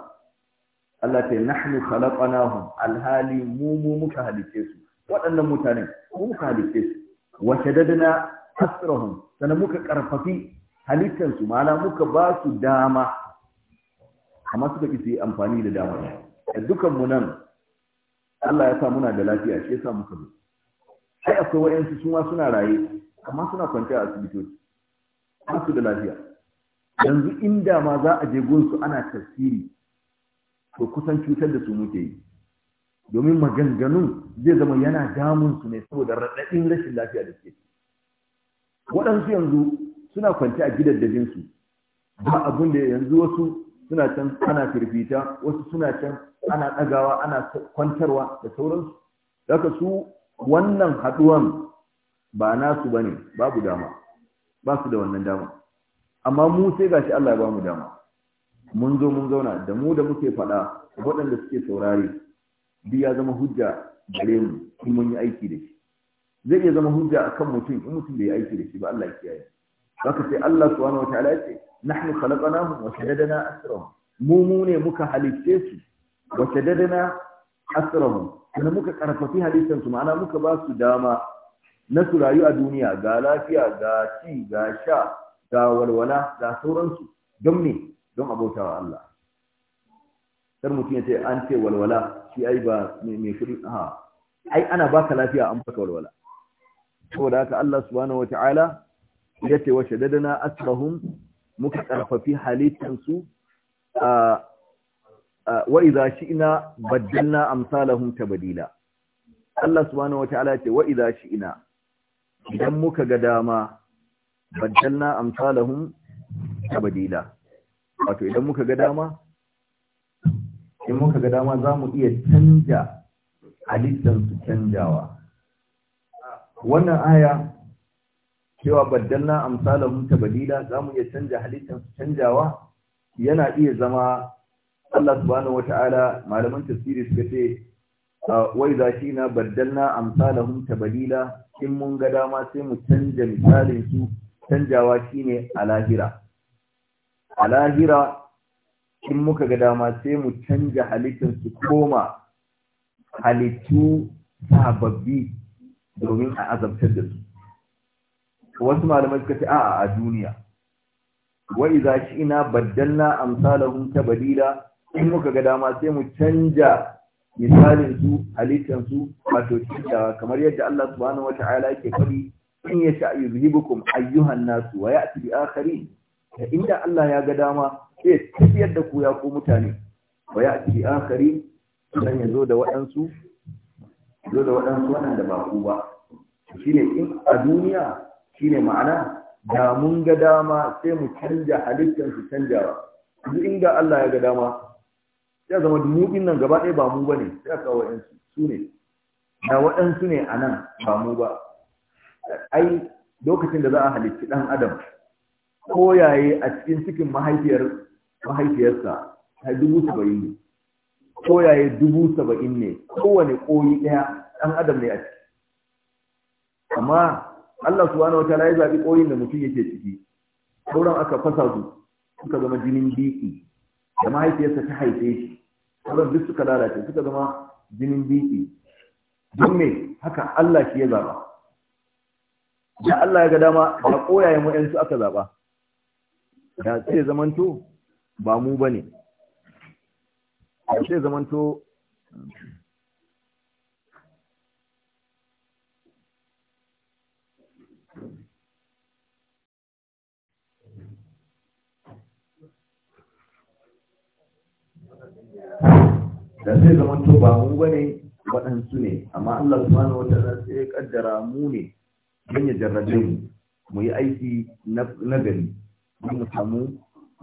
Allah ta nahnu khalaqnahum alhali mu mu muka halice su waɗannan mutanen mu muka halice su wa na asrahum sana muka karfafi halittar su ma'ana muka basu dama amma suka ki su amfani da dama dukan mu nan Allah ya sa muna da lafiya shi yasa muka zo sai akwai wayansu su ma suna raye amma suna kwanciya a asibitoci ba su da lafiya yanzu inda ma za a je gunsu ana tafsiri to kusan cutar da su muke yi domin maganganun zai zama yana damun su ne saboda raɗaɗin rashin lafiya da suke waɗansu yanzu suna kwanci a gidan da gidaddajinsu ba abin da yanzu wasu suna can ana firfita wasu suna can ana ɗagawa ana kwantarwa da sauransu daga su wannan haɗuwan ba nasu ba ne babu dama ba su da wannan dama amma mu sai gashi Allah ya ba mu dama mun zo mun zauna da mu da muke faɗa waɗanda suke saurare duk ya zama hujja gare mu in mun yi aiki da shi zai iya zama hujja akan mutum in mutum bai yi aiki da shi ba Allah ya kiyaye haka sai Allah subhanahu wataala ya ce nahnu khalaqnahum wa shaddadna asrahum mu mu ne muka halitte su wa shaddadna asrahu, kuma muka karfafi halittan su ma'ana muka ba su dama na su rayu a duniya ga lafiya ga ci ga sha ga walwala ga sauransu don me don abotawa Allah kar mutum ya ce an ce walwala shi ai ba mai kudi ha ai ana baka lafiya an baka walwala saboda haka Allah subhanahu wataala ya ce wa shaddadna asrahum muka ƙarfafi halittansu a wa idza shi'na baddalna amsalahum tabdila Allah subhanahu wataala ya ce wa idza shi'na idan muka ga dama baddalna ta badila. wato idan muka ga dama in muka ga dama za mu iya canja halittansu canjawa wannan aya cewa baddalna amsalahum tabdila za mu iya canja halittar canjawa yana iya zama Allah subhanahu wataala malaman tafsiri suka ce wai za shi na baddalna amsalahum tabdila in mun ga dama sai mu canja misalin su canjawa shine a lahira a lahira in muka ga dama sai mu canja halittar su koma halittu sababbi domin a azabtar da su wasu malamai suka ce a'a a duniya wa idza ina baddalna amsalahum tabdila in muka ga dama sai mu canja misalin su halittan su wato canja kamar yadda Allah subhanahu wataala yake faɗi in ya sha yuzhibukum ayyuhan nasu wa ya'ti bi akharin da inda Allah ya ga dama sai tafiyar da ku ya ku mutane wa ya'ti bi akharin dan ya zo da waɗansu zo da waɗansu waɗanda ba ku ba shine in a duniya Shi ne ma'ana da mun ga dama sai mu canja halittar su canjawa duk inda Allah ya ga dama ya zama dunyoyin nan gaba ɗaya ba mu ba ne, sai aka waɗansu su ne da waɗansu ne a nan ba mu ba ai lokacin da za a halicci ɗan adam koyaye a cikin cikin mahaifiyar mahaifiyarsa ta dubu saba'in ne koyaye dubu saba'in ne kowane koyi ɗaya ɗan adam ne a ciki amma Allah subhanahu wataala ya zabi koyin da mutum yake ciki sauran aka fasa su suka zama jinin biki da mahaifiyarsa ta haife shi sauran duk suka lalace suka zama jinin biki don me haka Allah shi ya zaba da Allah ya ga dama da koyayen wa'ansu aka zaba da sai zamanto ba mu bane sai zamanto da sai zaman to ba mu bane waɗansu ne amma Allah subhanahu wataala sai ya kaddara mu ne don ya jarrabe mu mu yi aiki na gari don mu samu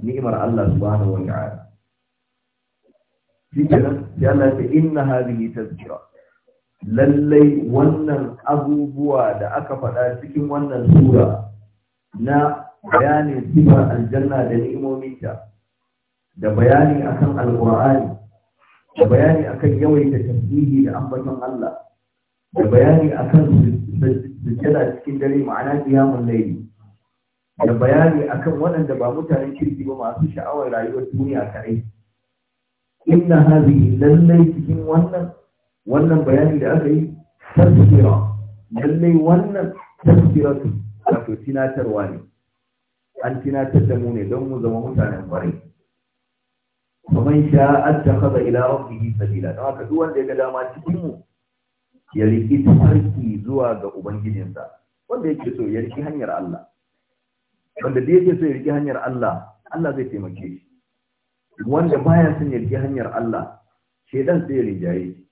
ni'imar Allah subhanahu wataala shi kenan sai Allah ya ce inna hadhihi tazkira lallai wannan abubuwa da aka faɗa cikin wannan tura na bayanin sifar aljanna da ni'imominta da bayani akan alƙur'ani da bayani akan yawaita tasbihi da ambaton Allah da bayani akan sujjada cikin dare ma'ana qiyamul layli da bayani akan waɗanda ba mutanen kirki ba masu sha'awar rayuwar duniya kaɗai inna hadhihi lallai cikin wannan wannan bayanin da aka yi tasbira lallai wannan tasbira su wato tinatarwa ne an tinatar da mu ne don mu zama mutanen bare kamar sha an ta kaza ila rabbihi sabila don haka duk wanda ya ga dama cikin mu ya riki tsarki zuwa ga ubangijinsa wanda yake so ya riki hanyar Allah wanda da yake so ya riki hanyar Allah Allah zai taimake shi wanda baya son ya riki hanyar Allah shedan sai ya rijaye shi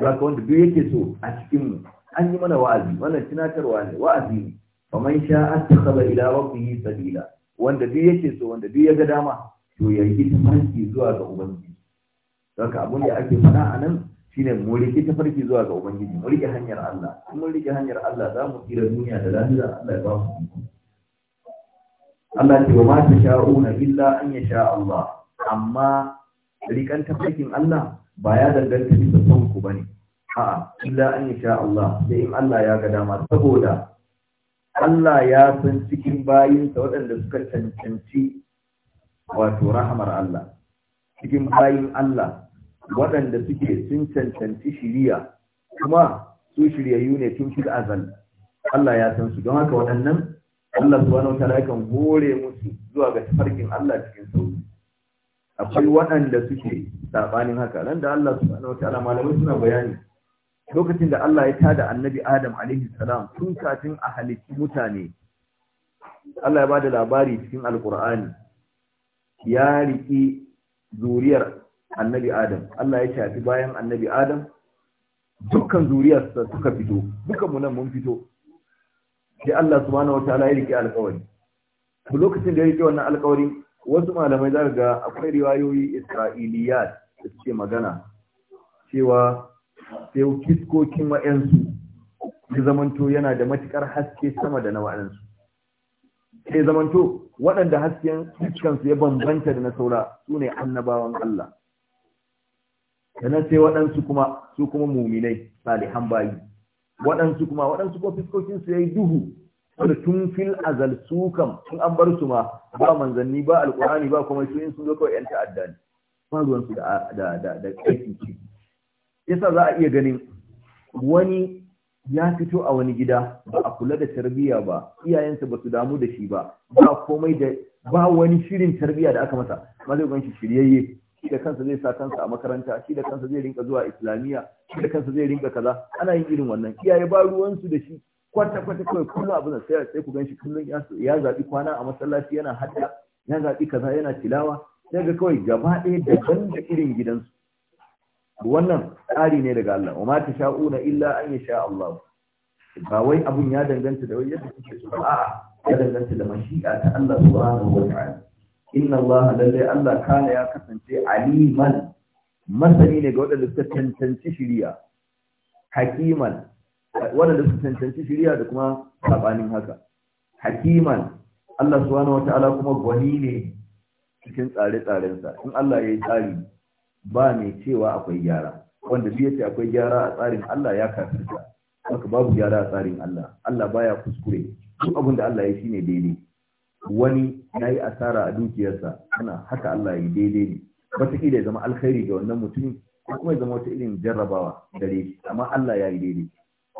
zaka wanda duk yake so a cikin mu an yi mana wa'azi mana tunatarwa ne wa'azi ne faman sha attakhadha ila rabbih sabila wanda duk yake so wanda duk ya ga dama to ya yi tafarki zuwa ga ubangiji zaka abun da ake faɗa a nan shine mu rike tafarki zuwa ga ubangiji mu rike hanyar Allah in mun rike hanyar Allah za mu tsira duniya da lahira Allah ya ba mu Allah ce wa ma tasha'una illa an yasha Allah amma rikan tafarkin Allah ba ya danganta da son ku bane a'a illa an sha Allah sai in Allah ya ga dama saboda Allah ya san cikin bayinsa waɗanda suka cancanci wato rahamar Allah cikin bayin Allah waɗanda suke sun cancanci shiriya kuma su shiryayyu ne tun fil azal Allah ya san su don haka waɗannan Allah subhanahu wataala kan hore musu zuwa ga tafarkin Allah cikin sauki akwai waɗanda suke saɓanin haka nan da Allah subhanahu wataala malamai suna bayani lokacin da Allah ya tada annabi Adam alaihi salam tun kafin a halitti mutane Allah ya bada labari cikin alkur'ani ya riki zuriyar annabi Adam Allah ya shafi bayan annabi Adam dukkan zuriyarsa suka fito dukkan mu nan mun fito sai Allah subhanahu wataala ya riki alƙawari lokacin da ya riki wannan alƙawari wasu malamai za ga akwai riwayoyi isra'iliyat da suke magana cewa sai fiskokin wa'yansu ya zamanto yana da matukar haske sama da na wa'yansu sai zamanto waɗanda hasken fiskansu ya bambanta da na saura su ne annabawan Allah sannan sai waɗansu kuma su kuma muminai salihan bayi waɗansu kuma waɗansu kuma fiskokinsu ya yi duhu wanda tun fil azal su kam tun an bar su ma ba manzanni ba alkurani ba kuma su in sun zo kawai yan ta'adda ne ba ruwan su da da da aikin ci za a iya ganin wani ya fito a wani gida ba a kula da tarbiyya ba iyayensa ba su damu da shi ba ba komai da ba wani shirin tarbiyya da aka masa ma zai ganshi shiryayye shi da kansa zai sa kansa a makaranta shi da kansa zai rinka zuwa islamiyya shi da kansa zai rinka kaza ana yin irin wannan iyaye ba ruwansu da shi kwata kwata kawai kullum abin da sai sai ku ganshi kullum ya zaɓi kwana a masallaci yana hada ya zaɓi kaza yana tilawa sai ga kawai gaba ɗaya daban da irin gidansu wannan tsari ne daga Allah wa ma sha'una illa an sha Allah ba wai abun ya danganta da wai yadda kuke so a'a ya danganta da mashi'a ta Allah subhanahu wa ta'ala inna Allah lalle Allah kana ya kasance aliman masani ne ga waɗanda suka cancanci shiriya hakiman waɗanda su cancanci shirya da kuma saɓanin haka hakiman Allah wani wata'ala kuma gwani ne cikin tsare-tsarensa in Allah ya yi tsari ba mai cewa akwai gyara wanda ya ce akwai gyara a tsarin Allah ya kafirta haka babu gyara a tsarin Allah Allah baya kuskure duk abin da Allah ya shi ne daidai wani ya yi asara a dukiyarsa ana haka Allah ya yi daidai ne wataƙila ya zama alkhairi ga wannan mutumin ko kuma ya zama wata irin jarrabawa gare shi amma Allah ya yi daidai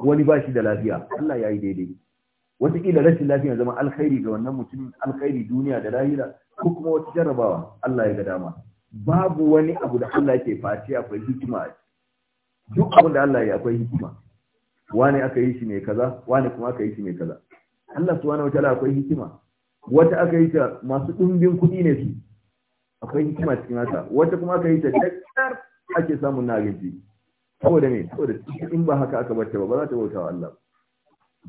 wani ba shi da lafiya Allah ya yi daidai da rashin lafiya zama alkhairi ga wannan mutum alkhairi duniya da lahira ko kuma wata jarrabawa Allah ya ga dama babu wani abu da Allah yake face akwai hikima duk abin da Allah ya akwai hikima wani aka yi shi mai kaza wani kuma aka yi shi mai kaza Allah subhanahu ta'ala akwai hikima wata aka yi ta masu ɗumbin kuɗi ne su akwai hikima cikin haka wata kuma aka yi ta da ake samun nagaji saboda ne saboda in ba haka aka barta ba ba za ta bauta wa Allah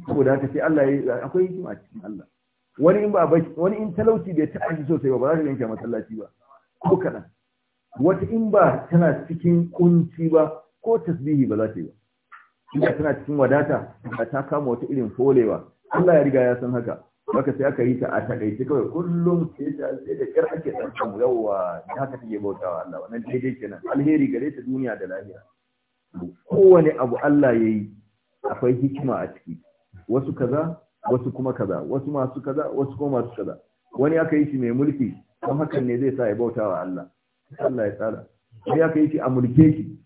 saboda haka ce Allah ya akwai hikima cikin Allah wani in ba wani in talauci bai taɓa shi sosai ba ba za ta yanke masallaci ba ko kaɗan wata in ba tana cikin kunci ba ko tasbihi ba za ta yi ba inda tana cikin wadata ba ta kama wata irin folewa Allah ya riga ya san haka baka sai aka yi ta a takaice kawai kullum sai ta sai da kyar ake san samu yawa haka take bautawa Allah wannan daidai kenan alheri gare ta duniya da lahira kowane abu Allah ya yi akwai hikima a ciki wasu kaza wasu kuma kaza wasu masu kaza wasu kuma masu kaza wani aka yi shi mai mulki don hakan ne zai sa ya bauta wa Allah Allah ya tsara wani aka yi shi a mulke shi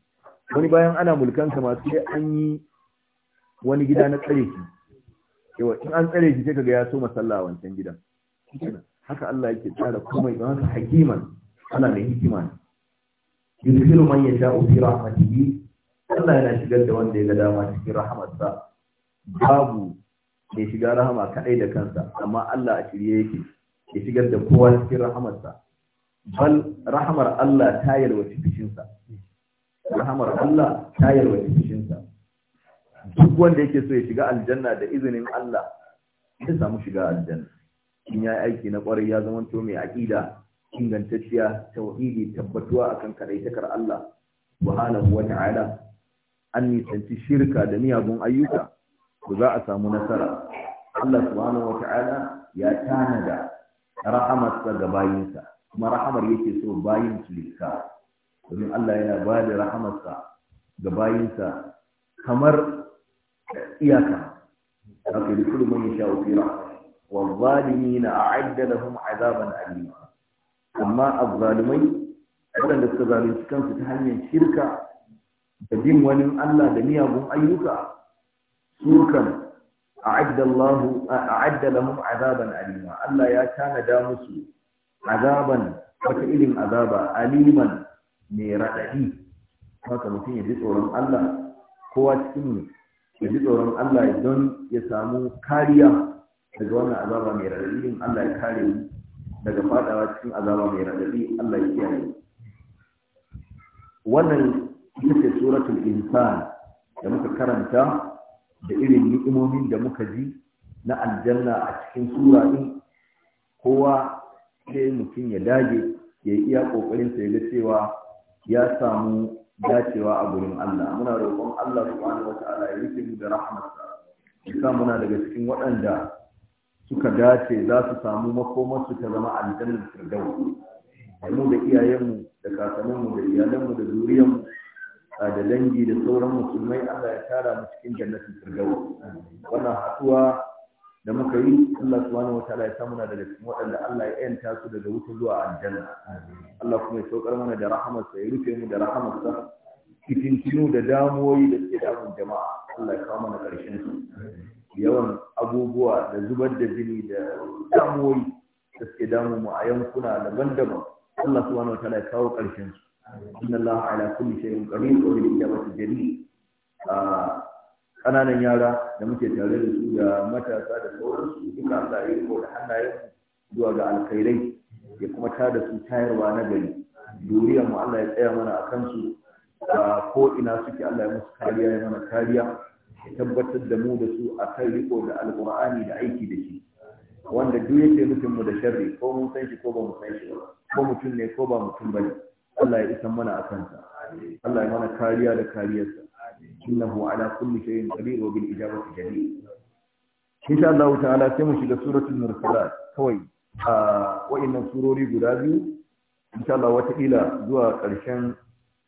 wani bayan ana mulkan ka masu sai an yi wani gida na tsare shi yawa in an tsare shi sai kaga ya so masalla a wancan gidan haka Allah yake tsara komai don haka hakiman Allah mai hikima ne yudhiru man yasha'u fi rahmatihi Allah yana shigar da wanda ya ga dama cikin rahamarsa babu ke shiga rahama kaɗai da kansa amma Allah a shirye yake ya shigar da kowa cikin rahamarsa bal rahamar Allah ta yalwaci fishinsa rahamar Allah ta yalwaci fishinsa duk wanda yake so ya shiga aljanna da izinin Allah ya samu shiga aljanna in ya aiki na kwarai ya zama to mai aqida ingantacciya tauhidi tabbatuwa akan kadaitakar Allah subhanahu wa ta'ala an nisanci shirka da miyagun ayyuka to za a samu nasara Allah subhanahu wata'ala ya tanada rahamarsa ga bayinsa kuma rahamar yake so bayin su lissa domin Allah yana ba da rahamarsa ga bayinsa kamar iyaka haka yi kudu man yasha wa fira wa zalimina a'adda lahum azaban alima amma azzalumai waɗanda suka zalunci kansu ta hanyar shirka da bin wani Allah da miyagun ayyuka sukan a'adda lahum azaban alima Allah ya tanada musu azaban wata irin azaba aliman mai raɗaɗi haka mutum ya ji tsoron Allah kowa cikin ya ji tsoron Allah don ya samu kariya daga wannan azaba mai raɗaɗi Allah ya kare mu daga fadawa cikin azaba mai raɗaɗi Allah ya kiyaye wannan yake suratul insan da muka karanta da irin ni'imomin da muka ji na aljanna a cikin sura din kowa sai mutum ya dage ya yi iya kokarin sa ga cewa ya samu dacewa a gurin Allah muna roƙon Allah subhanahu wataala ya rike mu da rahmatsa ya muna daga cikin waɗanda suka dace za su samu makoma su ta zama aljannar firdaus mu da iyayenmu da kakanninmu da iyalanmu da zuriyarmu da dangi da sauran musulmai Allah ya tara mu cikin jannatin firdaus wannan haɗuwa da muka yi Allah subhanahu wataala ya samu na daga cikin waɗanda Allah ya yanta su daga wuta zuwa aljanna Allah kuma ya saukar mana da sa ya rufe mu da rahamarsa fitintinu da damuwoyi da suke damun jama'a Allah ya kawo mana ƙarshen su yawan abubuwa da zubar da jini da damuwoyi da suke damun mu a yankuna daban-daban Allah subhanahu wataala ya kawo ƙarshen su inna Allah ala kulli shay'in qadir wa bil ijabati ƙananan yara da muke tare da su da matasa da sauransu duka Allah ya ko da hannaye, zuwa ga alkhairai ya kuma da su tayarwa na gari duriyar mu Allah ya tsaya mana a kansu ko ina suke Allah ya musu kariya ya mana kariya ya tabbatar da mu da su a kan riko da alkur'ani da aiki da shi wanda duk yake mutum mu da sharri ko mun san shi ko ba mu san shi ba ko mutum ne ko ba mutum bane Allah ya isa mana akan sa Allah ya mana kariya da kariyarsa innahu ala kulli shay'in qadir wa bil ijabati jadid insha Allah ta'ala sai mu shiga suratul mursalat kawai a wa'annan surori guda biyu insha Allah wata kila zuwa ƙarshen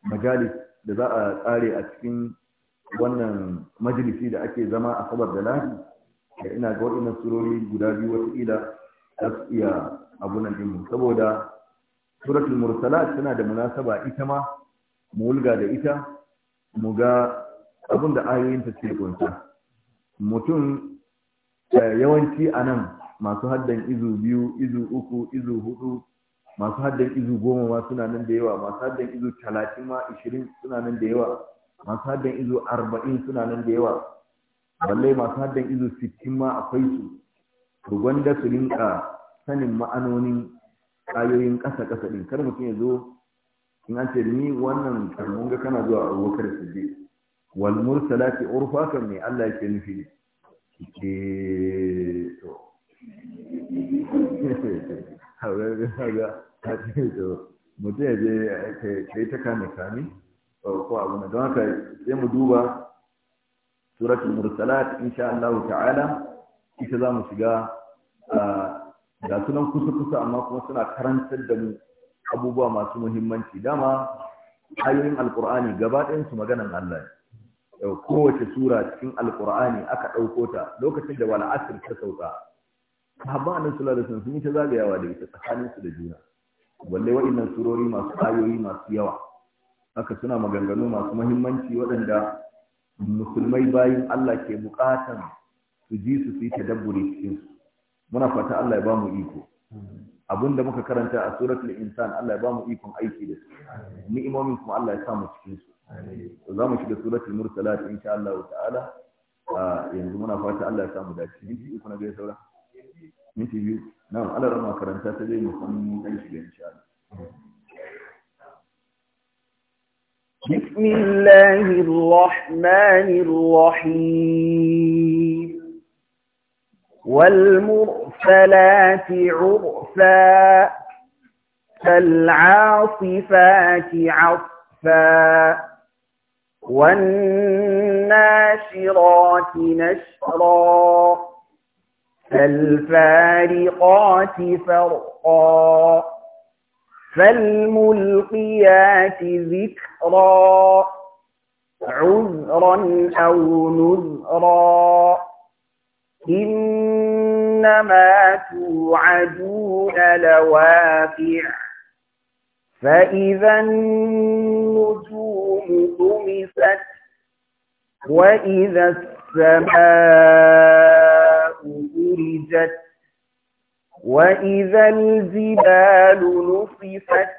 majalis da za a tsare a cikin wannan majalisi da ake zama a sabar da lahi ina ga waɗannan surori guda biyu wata kila za su iya abunan saboda suratul mursalat tana da munasaba ita ma mu wulga da ita mu ga abin da ayoyin ta ce kunsa mutum eh, yawanci a nan masu haddan izu biyu izu uku izu hudu masu haddan izu goma ma suna nan da yawa masu haddan izu talatin ma ishirin suna nan da yawa masu haddan izu arba'in suna nan da yawa balle masu haddan izu sittin ma akwai su to gwanda su rinka sanin ma'anonin kayoyin ƙasa ƙasa ɗin kar mutum ya zo in an ce ni wannan mun ga kana zuwa abubakar siddiq wal mursalati urfa kan ne Allah yake nufi ke to (laughs) mutum ya je kai ta kame kame ko abu na don haka sai mu duba suratul mursalat insha Allah ta'ala ita za mu shiga ah, ga nan kusa-kusa amma kuma suna karantar da mu abubuwa masu muhimmanci dama ayoyin alkur'ani gaba su maganan Allah ne kowace sura cikin alkur'ani aka ɗauko ta lokacin da wal asr ta sauka sahabban annabi sallallahu alaihi sun yi ta zagayawa da ita tsakanin su da juna balle wa'annan surori masu ayoyi masu yawa haka suna maganganu masu muhimmanci waɗanda musulmai bayan Allah ke buƙatan su ji su su yi tadabburi cikin su muna fata Allah ya ba mu iko abinda muka karanta a suratul insan Allah ya ba mu ikon aiki da su ni'imomin kuma Allah ya sa mu cikin su za mu shiga suratul mursalat insha Allah ta'ala yanzu muna fata Allah ya sa mu dace minti uku na ga saura minti biyu na'am Allah rama karanta ta zai mu san dan shiga insha Allah بسم الله الرحمن الرحيم والمرسلات عرفا فالعاصفات عصفا والناشرات نشرا فالفارقات فرقا فالملقيات ذكرا عذرا أو نذرا إنما توعدون لواقع فإذا النجوم طمست وإذا السماء أرجت وإذا الجبال نصفت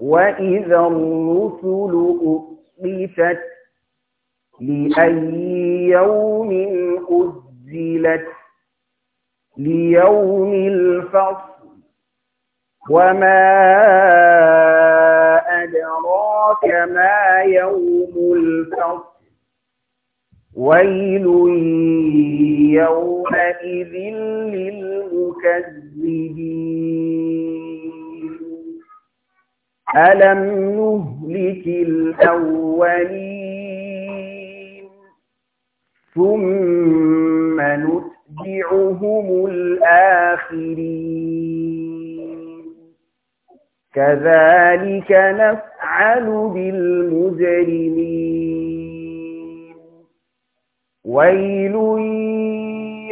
وإذا الرسل أقفت لأي يوم أجل أُنْزِلَتْ لِيَوْمِ الْفَصْلِ وَمَا أَدْرَاكَ مَا يَوْمُ الْفَصْلِ وَيْلٌ يَوْمَئِذٍ لِلْمُكَذِّبِينَ أَلَمْ نُهْلِكِ الْأَوَّلِينَ ثُمَّ ثم نتبعهم الآخرين كذلك نفعل بالمجرمين ويل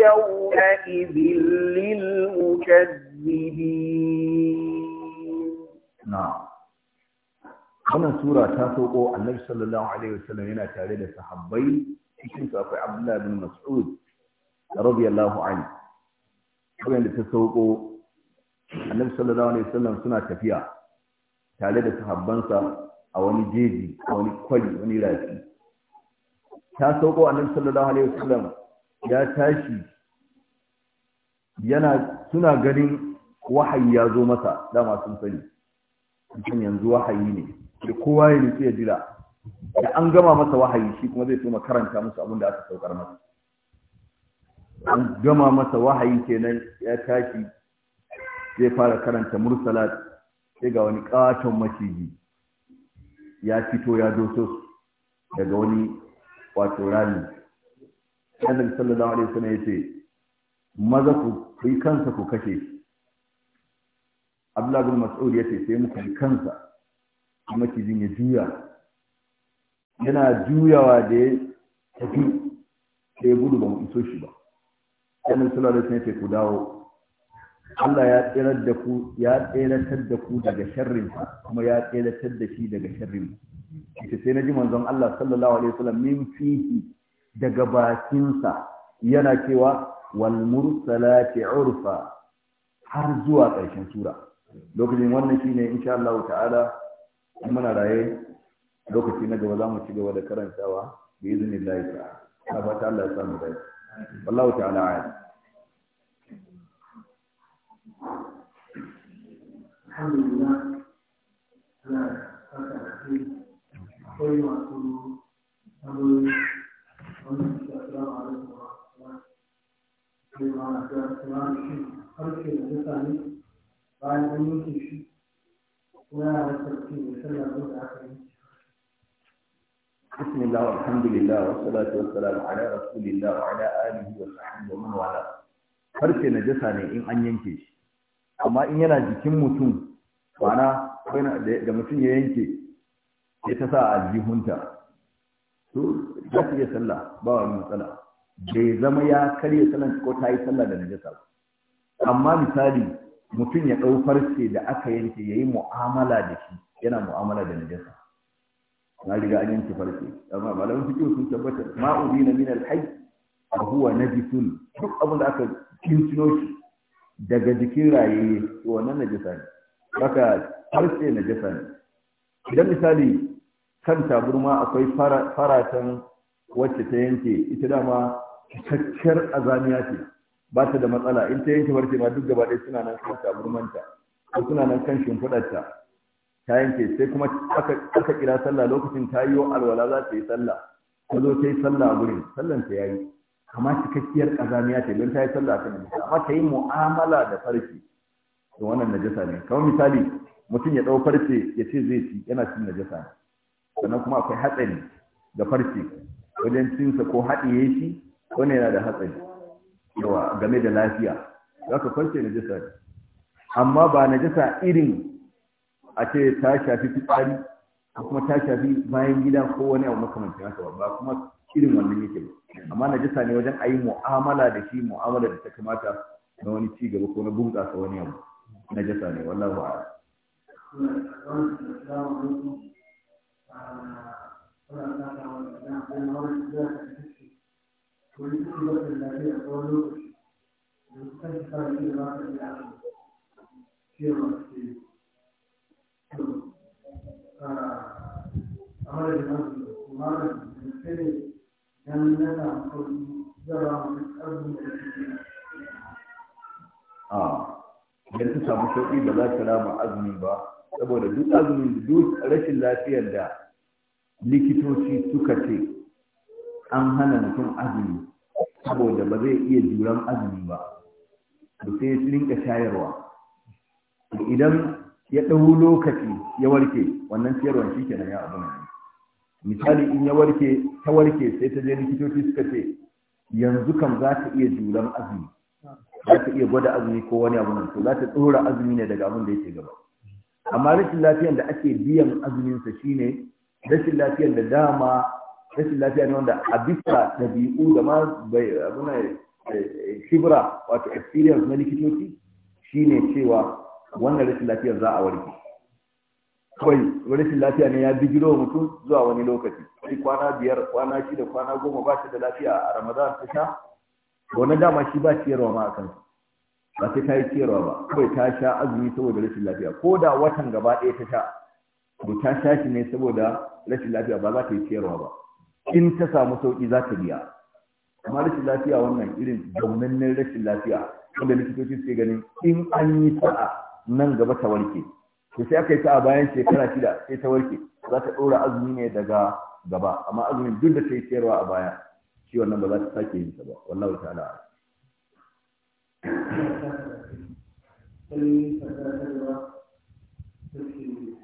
يومئذ للمكذبين نعم wannan sura ta soko annabi sallallahu alaihi wasallam yana tare da sahabbai cikin su akwai abdullahi bin mas'ud radiyallahu anhu kamar da ta sauko annabi sallallahu alaihi wasallam suna tafiya tare da sahabbansa a wani jeji a wani kwari wani rafi ta sauko annabi sallallahu alaihi wasallam ya tashi yana suna ganin wahayi ya zo masa dama sun sani mutum yanzu wahayi ne da kowa ya nutsu ya jira da an gama masa wahayi shi kuma zai so karanta musu abin da aka saukar masa an gama masa wahayi kenan ya tashi zai fara karanta mursalat sai ga wani katon maciji ya fito ya doso daga wani wato rami annabi sallallahu alaihi wasallam yace maza ku yi kansa ku kashe Abdullahi bin Mas'ud yace sai muka yi kansa macijin ya juya yana juyawa da ya tafi sai gudu ba mu iso shi ba annabi sallallahu alaihi wasallam ku dawo Allah ya tsirar da ku ya tsiratar da ku daga sharrin kuma ya tsiratar da shi daga sharrin ita sai na ji manzon Allah sallallahu alaihi wasallam min fihi daga bakin sa yana cewa wal mursalati urfa har zuwa ƙarshen sura lokacin wannan shine insha Allah ta'ala muna raye lokaci na gaba za mu ci gaba da karantawa bi iznillahi ta'ala ta Allah ya samu dace wallahu ta'ala a'lam alhamdulillah ana saka kai akwai masu abubuwan a mutane bayan an yanke shi aka yi بسم الله والحمد لله والصلاة والسلام على رسول الله وعلى آله وصحبه ومن والاه farce najasa ne in an yanke shi amma in yana jikin mutum a da mutum ya yanke ya ta sa a jihunta to za su iya sallah ba wani matsala bai zama ya karya sallan ko ta yi sallah da najasa ba amma misali mutum ya ɗau farce da aka yanke ya yi mu'amala da shi yana mu'amala da najasa na riga an yanke farce amma malamin fiqh sun tabbatar ma ubina min al-hayy wa huwa najisun duk abin da aka kincino shi daga jikin raye to wannan najisa ne haka farce najisa ne idan misali kan taburma akwai faratan wacce ta yanke ita dama cikakkiyar azamiya ce ba ta da matsala in ta yanke farce ma duk gaba ɗaya suna nan kan taburmanta ko suna nan kan shimfiɗarta ta yanke sai kuma aka kira sallah lokacin ta yi wa alwala za ta yi sallah ta zo ta yi sallah a gurin sallan ta yayi kama cikakkiyar kazamiya ce don ta yi sallah ta najasa amma ta yi mu'amala da farce to wannan najasa ne kamar misali mutum ya ɗau farce ya ce zai ci yana cin najasa ne sannan kuma akwai hatsari da farce wajen cinsa ko haɗiye shi wani yana da hatsari yawa game da lafiya za ka farce najasa ne amma ba najasa irin a ce ta shafi fitsari ko kuma ta shafi bayan gida ko wani abu makamancin haka ba kuma irin wannan yake ba amma na jisa ne wajen a yi mu'amala da shi mu'amala da ta kamata na wani ci gaba ko na bunƙasa wani abu Na jisa ne wallahu a'lam Thank you. a ah, idan ta samu sauƙi ba za ta rama azumi ba saboda duk azumin duk rashin lafiyar da likitoci suka ce an hana mutum azumi saboda ba zai iya juran azumi ba da sai ya rinka shayarwa idan ya ɗau lokaci ya warke wannan siyarwar shi kenan ya abu misali in ya warke ta warke sai ta je likitoci suka ce yanzu kam za ta iya juran azumi za ta iya gwada azumi ko wani abu nan to za ta tsora azumi ne daga abin da yake gaba amma rashin lafiyar da ake biyan azuminsa shine rashin lafiyar da dama rashin lafiya ne wanda a bisa ɗabi'u da ma bai abuna eh, eh, shibra wato experience na likitoci shine cewa wannan rashin lafiyar za a warke kawai rashin lafiya ne ya bigiro mutum zuwa wani lokaci kai kwana biyar kwana shida kwana goma ba shi da lafiya a ramadan ta sha wani dama shi ba ciyarwa ma a shi. ba sai ta yi ciyarwa ba kawai ta sha azumi saboda rashin lafiya ko da watan gaba ɗaya ta sha to ta sha shi ne saboda rashin lafiya ba za ta yi ciyarwa ba in ta samu sauƙi za ta biya amma rashin lafiya wannan irin zaunannen rashin lafiya wanda likitoci suke ganin in an yi sa'a nan gaba ta warke to sai aka yi ta a bayan shekara shida sai ta warke za ta ɗora azumi ne daga gaba amma azumin duk da ta yi sayarwa a baya shi wannan ba za ta sake yin sa ba wallahu ta'ala Thank you.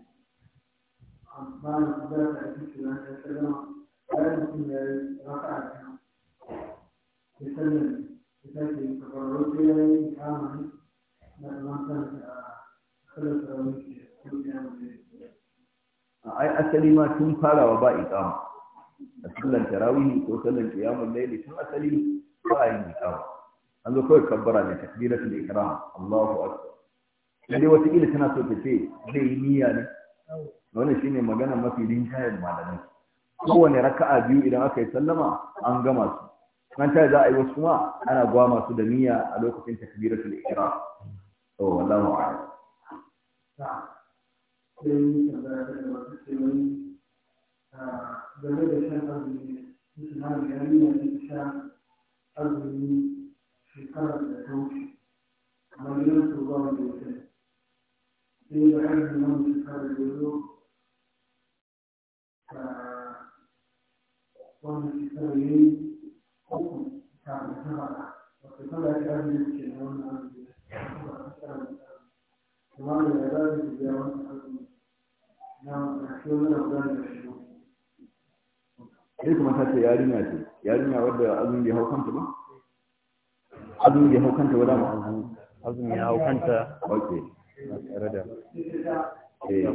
ai asali ma tun farawa ba iqama a sallan tarawih ko sallan qiyamul layl tun asali ba yin iqama an zo kawai kabbara ne takbiratul ihram Allahu akbar dai wata kila tana so ta ce zai niyya ne wannan shine magana mafi da malamai kowane raka'a biyu idan aka yi sallama an gama su an ta za a yi wasu kuma ana gwama su da niyya a lokacin takbiratul ihram to wallahu a'lam game da shan azumi na yarinya da sha azumi shekarar da ta wuce kamar yin su ba da wuce sai da aiki nan shekarar da zo wannan shekarar yi uku ta da ta ba da wata tana da azumi ke na wannan azumi تمام sai kuma ta ce yarinya ce yarinya wadda azumin ya hau kanta ba azumin ya hau kanta wadda ba azumin ya hau kanta ok tare da eh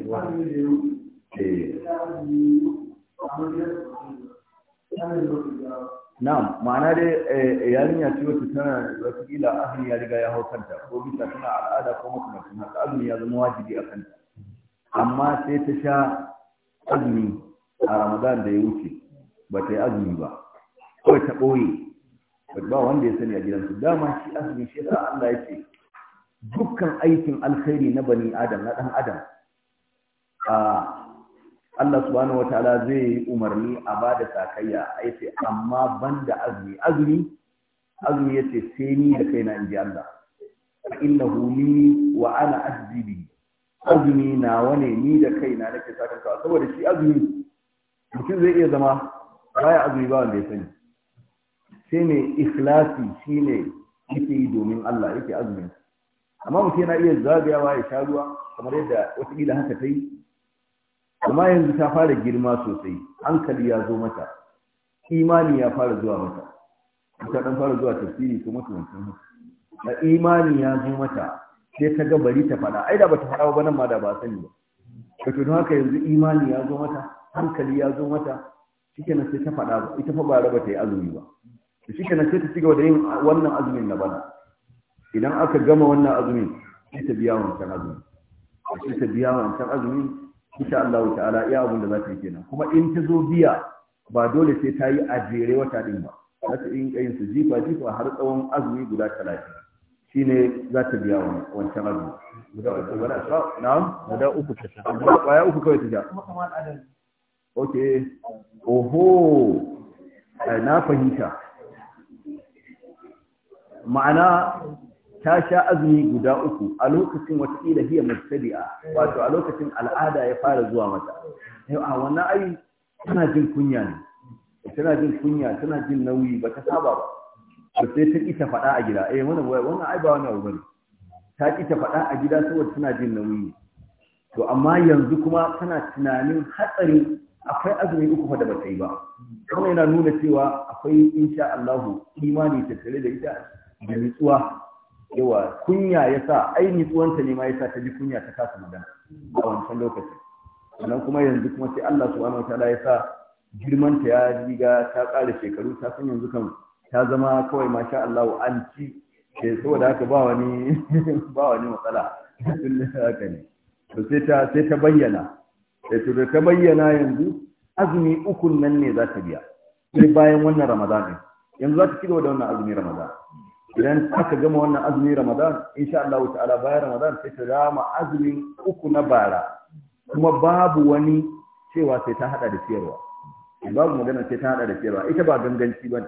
eh na'am ma'ana dai eh, yarinya ce wacce tana watakila ahli ya riga ya hau kanta ko bisa tana al'ada ko makamancin haka azumi ya zama wajibi a kanta amma sai ta sha azumi a ramadan da ya wuce ba ta yi azumi ba kawai ta ɓoye ba wanda ya sani a gidansu dama shi azumi shi yasa Allah ya ce dukkan aikin alkhairi na bani adam na ɗan adam a Allah subhanahu zai zai umarni a ba da sakayya a yace amma banda azumi azumi azumi yace sai ni da kaina inji Allah innahu li wa ana ajzibi azumi na wane ni da kaina nake sakantawa saboda shi azumi mutum zai iya zama baya azumi ba wanda ya sani sai mai ikhlasi shine yake yi domin Allah yake azumin amma mutum yana iya zagayawa ya sha ruwa kamar yadda wataƙila haka ta yi amma yanzu ta fara girma sosai hankali ya zo mata imani ya fara zuwa mata ta dan fara zuwa tafsiri kuma wancan da imani ya zo mata sai ta ga bari ta fada ai da bata fada ba nan ma da ba sani ba to don haka yanzu imani ya zo mata hankali ya zo mata na sai ta fada ba ita fa ba raba ta yi azumi ba to na sai ta cigaba da yin wannan azumin na bana idan aka gama wannan azumin sai ta biya wancan azumi sai ta biya wancan azumi insha Allah ta'ala iya abin da za ta yi kenan kuma in ta zo biya ba dole sai ta yi a jere wata din ba za ta yi kayin su jifa jifa har tsawon azumi guda talatin shine za ta biya wancan azumi guda uku ba na guda uku ta sha kwaya uku kawai ta sha ok oho na fahimta ma'ana ta sha azumi guda uku a lokacin watakila hiya mubtadi'a wato a lokacin al'ada ya fara zuwa mata a wannan ai tana jin kunya ne tana jin kunya tana jin nauyi ba ta saba ba to sai ta kita faɗa a gida eh wannan wannan ai ba wani abu bane ta kita faɗa a gida saboda tana jin nauyi to amma yanzu kuma tana tunanin hatsari akwai azumi uku fa da ta yi ba kuma yana nuna cewa akwai insha Allah imani tattare da ita da nutsuwa yawa kunya ya sa ai nutsuwanta ne ma ya sa ta ji kunya ta kasa magana a wancan lokacin sannan kuma yanzu kuma sai Allah subhanahu ta'ala ya sa girman ta ya riga ta ƙara shekaru ta san yanzu kan ta zama kawai masha Allah an ci eh, saboda haka ba wani (laughs) ba wani matsala haka ne to sai ta sai ta bayyana sai eh, to ta bayyana yanzu azumi ukun nan ne za ta biya sai bayan wannan Ramadan yanzu za ta cigaba da wannan azumi Ramadan idan aka gama wannan azumi ramadan insha Allah ta'ala bayan ramadan sai ta rama azumin uku na bara kuma babu wani cewa sai ta hada da siyarwa babu magana sai ta hada da siyarwa ita ba ganganci bane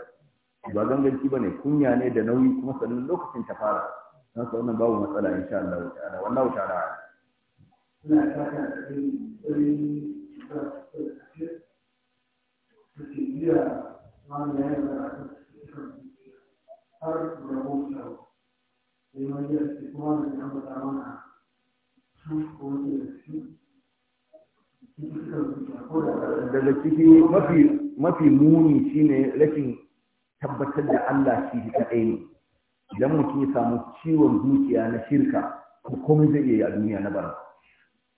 ba ganganci bane kunya ne da nauyi kuma sannan lokacin ta fara dan sa wannan babu matsala insha Allah ta'ala wallahi ta'ala ina fata da har rabu shawo sai ma yi a cikin wani su ko wani da su daga ciki mafi mafi muni shine rashin tabbatar da Allah shi kaɗai ne idan mutum ya samu ciwon zuciya na shirka ko komai zai iya yi a duniya na barna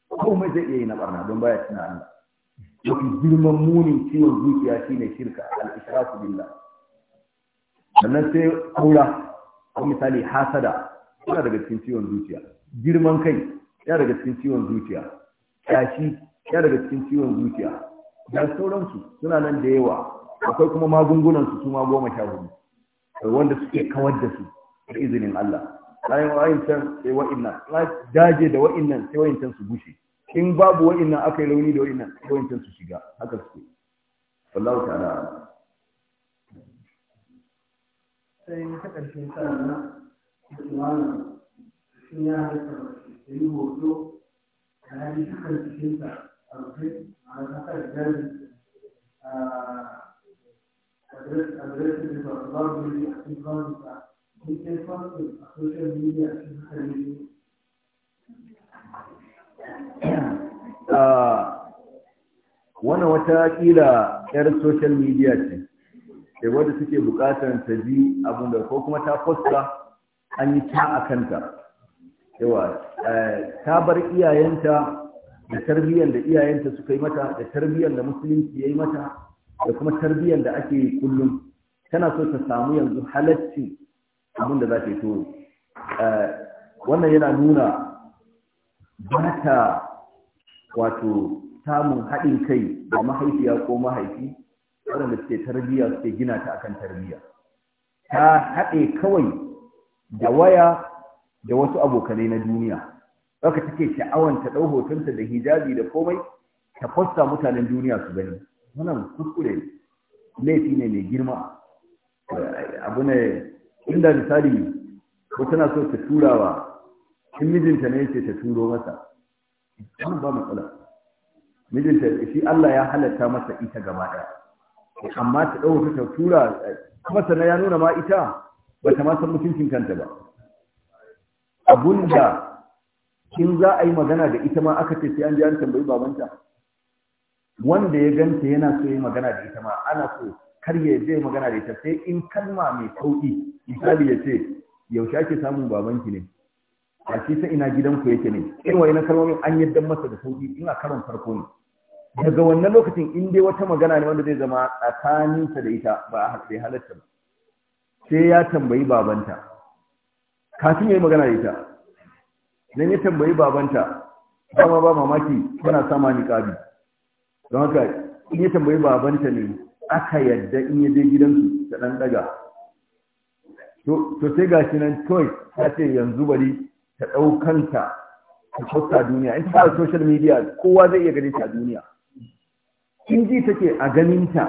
komai zai iya yi na barna don baya tuna Allah mafi girman munin ciwon zuciya shine shirka al-ishraku billah sannan sai kura ko misali hasada yana daga cikin ciwon zuciya girman kai yana daga cikin ciwon zuciya kyashi yana daga cikin ciwon zuciya da sauransu suna nan da yawa akwai kuma magungunan su su ma goma sha hudu wanda suke kawar da su da izinin Allah bayan wa'incan sai wa'innan daje da wa'innan sai wa'incan su bushe in babu wa'innan aka yi rauni da wa'innan sai wa'incan su shiga haka suke wallahu ta'ala sai ta ƙarshe ta na kimanin sun ya haifa da yi hoto da ya yi shukar cikinsa a rufe a kasar jari a adireshin da ba su ne a cikin kwanza sun kai kwanza a social media a cikin kare wannan wata kila 'yar social media ce da wadda suke bukatar ta ji abin da ko kuma ta fuska an yi ta a kanta yawa eh, ta bar iyayenta da tarbiyyar da iyayenta suka yi mata da tarbiyyar da musulunci ya yi mata da kuma tarbiyyar da ake yi kullum tana so ta samu yanzu halarci abin da za ta yi to eh, wannan yana nuna ba ta wato samun haɗin kai da mahaifiya ko mahaifi waɗanda suke tarbiyya suke gina ta akan tarbiyya ta haɗe kawai da waya da wasu abokanai na duniya Ɗauka take sha'awan ta ɗau hotonta da hijabi da komai ta fasta mutanen duniya su gani wannan kuskure laifi ne mai girma abu ne inda misali ko tana so ta tura in mijinta ne ce ta turo masa wannan ba matsala mijinta shi Allah ya halatta masa ita gaba ɗaya amma ta ɗauka ta tura kuma sannan ya nuna ma ita ba ta ma san mutuncin kanta ba abunda kin za a yi magana da ita ma aka ce sai an ji an tambayi babanta wanda ya ganta yana so yi magana da ita ma ana so kar ya je magana da ita sai in kalma mai sauki misali ya ce yaushe ake samun babanki ne a shi sai ina gidanku yake ne irin wani kalmomin an yadda masa da sauki ina karon farko ne daga wannan lokacin in dai wata magana ne wanda zai zama tsakaninsa da ita ba a haɗe halatta ba sai ya tambayi babanta kafin ya yi magana da ita zan ya tambayi babanta dama ba mamaki tana sama ni ƙabi. don haka in ya tambayi babanta ne aka yadda in ya je gidansu ta ɗan ɗaga to sai ga shi nan toy ta ce yanzu bari ta ɗaukanta ta kwasta duniya in ta social media kowa zai iya ganin ta duniya in ji take a ganinta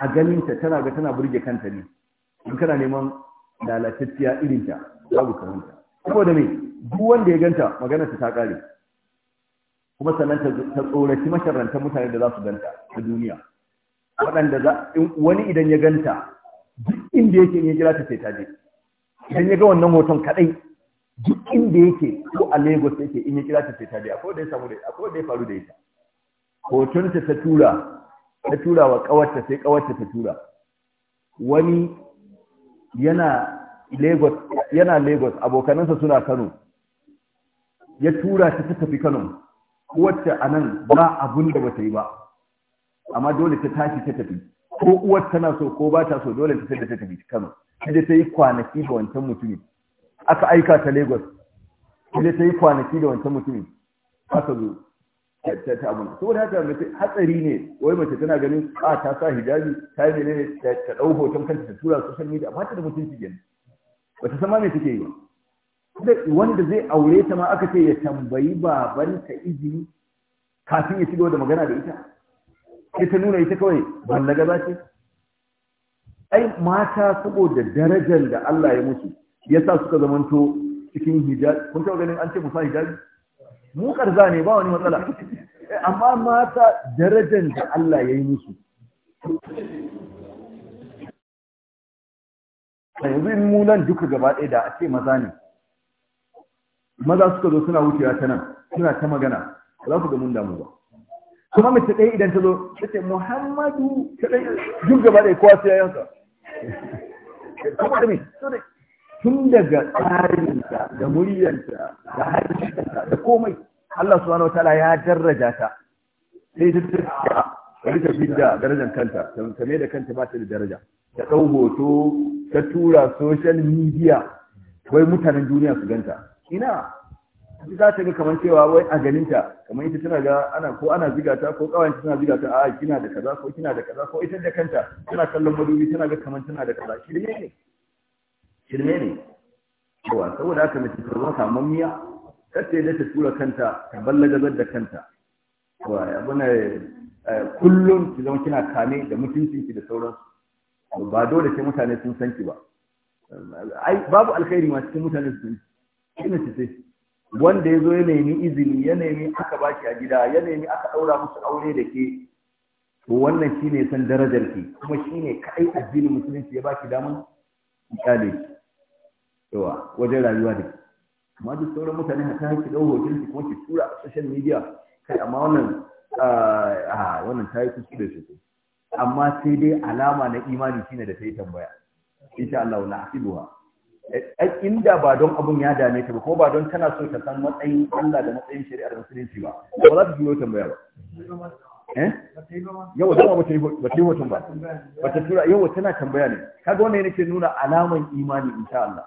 a ganinta tana ga tana burge kanta ne in kana neman lalatacciya irinta babu kamanta saboda mai duk wanda ya ganta magana ta kare kuma sannan ta tsoraci masharrantar mutane da za su ganta a duniya waɗanda za wani idan ya ganta duk inda yake in ya jira ta sai ta je idan ya ga wannan hoton kaɗai duk inda yake ko a Lagos yake in ya kira ta sai ta je akwai da ya samu da da ya faru da ita hotunta ta tura ta tura wa ƙawarta sai ƙawarta ta tura wani yana Lagos yana Lagos abokanansa suna Kano ya tura ta ta tafi Kano wacce a nan ba abun da bata yi ba amma dole ta tashi ta tafi ko uwar tana so ko ba ta so dole ta da ta tafi Kano sai ta yi kwanaki da wancan mutumin aka aika ta Lagos sai ta yi kwanaki da wancan mutumin aka zo ta ta abun saboda haka mace hatsari ne wai mace tana ganin a ta sa hijabi ta yi ne ta dau hoton kanta ta tura social media amma ta da mutunci gani bata sama me take yi wanda zai aure ta ma aka ce ya tambayi babanta izini kafin ya shigo da magana da ita sai ta nuna ita kawai na za ce ai mata saboda darajar da Allah ya musu yasa suka zamanto cikin hijabi kun taba ganin an ce musa hijabi mu karza ne ba wani matsala amma mata darajar da Allah ya yi musu yanzu in mu duka gaba ɗaya da a ce maza ne maza suka zo suna wucewa ta nan suna ta magana za ku ga mun damu ba kuma mace ɗaya idan ta zo ta ce muhammadu ta ɗaya duk gaba ɗaya kowa sai ya yanka tun daga tsarinta da muryanta da hajjinta da komai Allah subhanahu wataala ya daraja ta sai ta tafiya wani ta fidda darajar kanta ta mai da kanta ba ta da daraja ta ɗau hoto ta tura social media wai mutanen duniya su ganta ina su za ta ga kamar cewa wai a ganinta kamar ita tana ga ana ko ana ziga ta ko kawai tana ziga ta a kina da kaza ko kina da kaza ko ita da kanta tana kallon madubi tana ga kamar tana da kaza shi ne shirme ne cewa saboda haka mace ta zama kamammiya kacce da ta tura kanta ta ballagabar da kanta cewa eh, kullum ki zama kina kame da mutuncinki da sauransu ba dole sai mutane sun san ki ba ai babu alkhairi ma cikin mutane su kina ci sai wanda ya zo ya nemi izini ya nemi aka baki a gida ya nemi aka daura musu aure da ke to wannan shine san darajar ki kuma shine kai addinin musulunci ya baki damar misali yawa wajen rayuwa da amma duk sauran mutane haka haki ɗau hoton su kuma ki tura a social media kai amma wannan a ah, ah, wannan ta yi kuskure su amma sai dai alama na imani shine da ta yi tambaya insha Allah wala hasibuha eh, inda ba don abun ya dame ta ba ko ba don tana so ta san matsayin Allah da matsayin shari'a da musulunci ba ba za ta biyo tambaya ba eh yawa zama ba ta yi ba ta yi hoton ba ba ta tura yawa tana tambaya ne kaga wannan yake nuna alaman imani insha Allah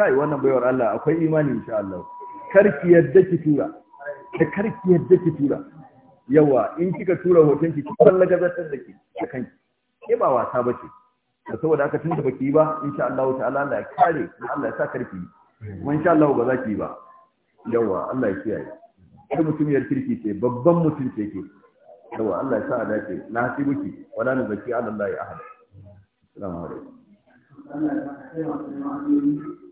kai wannan baiwar Allah akwai imani insha Allah karki yadda ki tura da karki yadda ki tura yawa in kika tura hoton ki kin lagazatar da ki da kanki ke ba wasa bace da saboda aka tunta baki ba insha Allah ta'ala Allah ya kare Allah ya sa karfi kuma insha Allah ba za ki ba yawa Allah ya kiyaye kai ya kirki ce babban mutum ce ke yawa Allah ya sa a dace na hasibuki wala na zaki Allah ya ahad assalamu alaikum Allah ya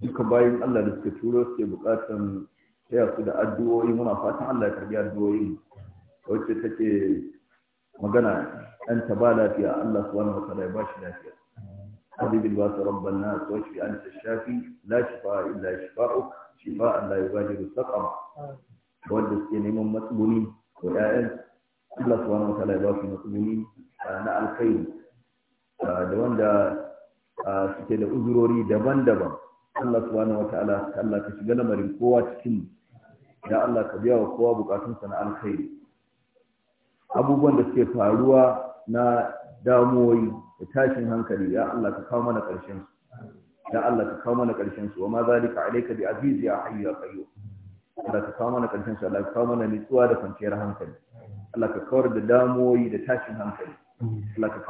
duka bayan Allah da suka turo suke bukatan taya su da addu'o'i muna fatan Allah ya karbi addu'o'in wacce take magana an ta ba lafiya Allah su wani ta'ala ya ba shi lafiya حبيب الباس رب الناس واشف أنت الشافي لا شفاء إلا شفاؤك شفاء لا wanda suke neman كلمة ko 'ya'yan. Allah subhanahu wa ta'ala ya ba su musulmi ah, na alkhairi ah, da wanda ah, suke da uzurori daban-daban Allah subhanahu wa ta'ala Allah ka shiga lamarin kowa cikin da Allah ka biya wa kowa bukatunsa na alkhairi abubuwan da suke faruwa na damuwoyi da tashin hankali ya Allah ka kawo mana karshen su ya Allah ka kawo mana karshen su wa ma zalika alayka bi aziz ya hayyu ya qayyum Allah ka kawo mana karshen su Allah ka kawo mana nutsuwa da kwanciyar hankali Allah ka kawar da damuwoyi da tashin hankali Allah ka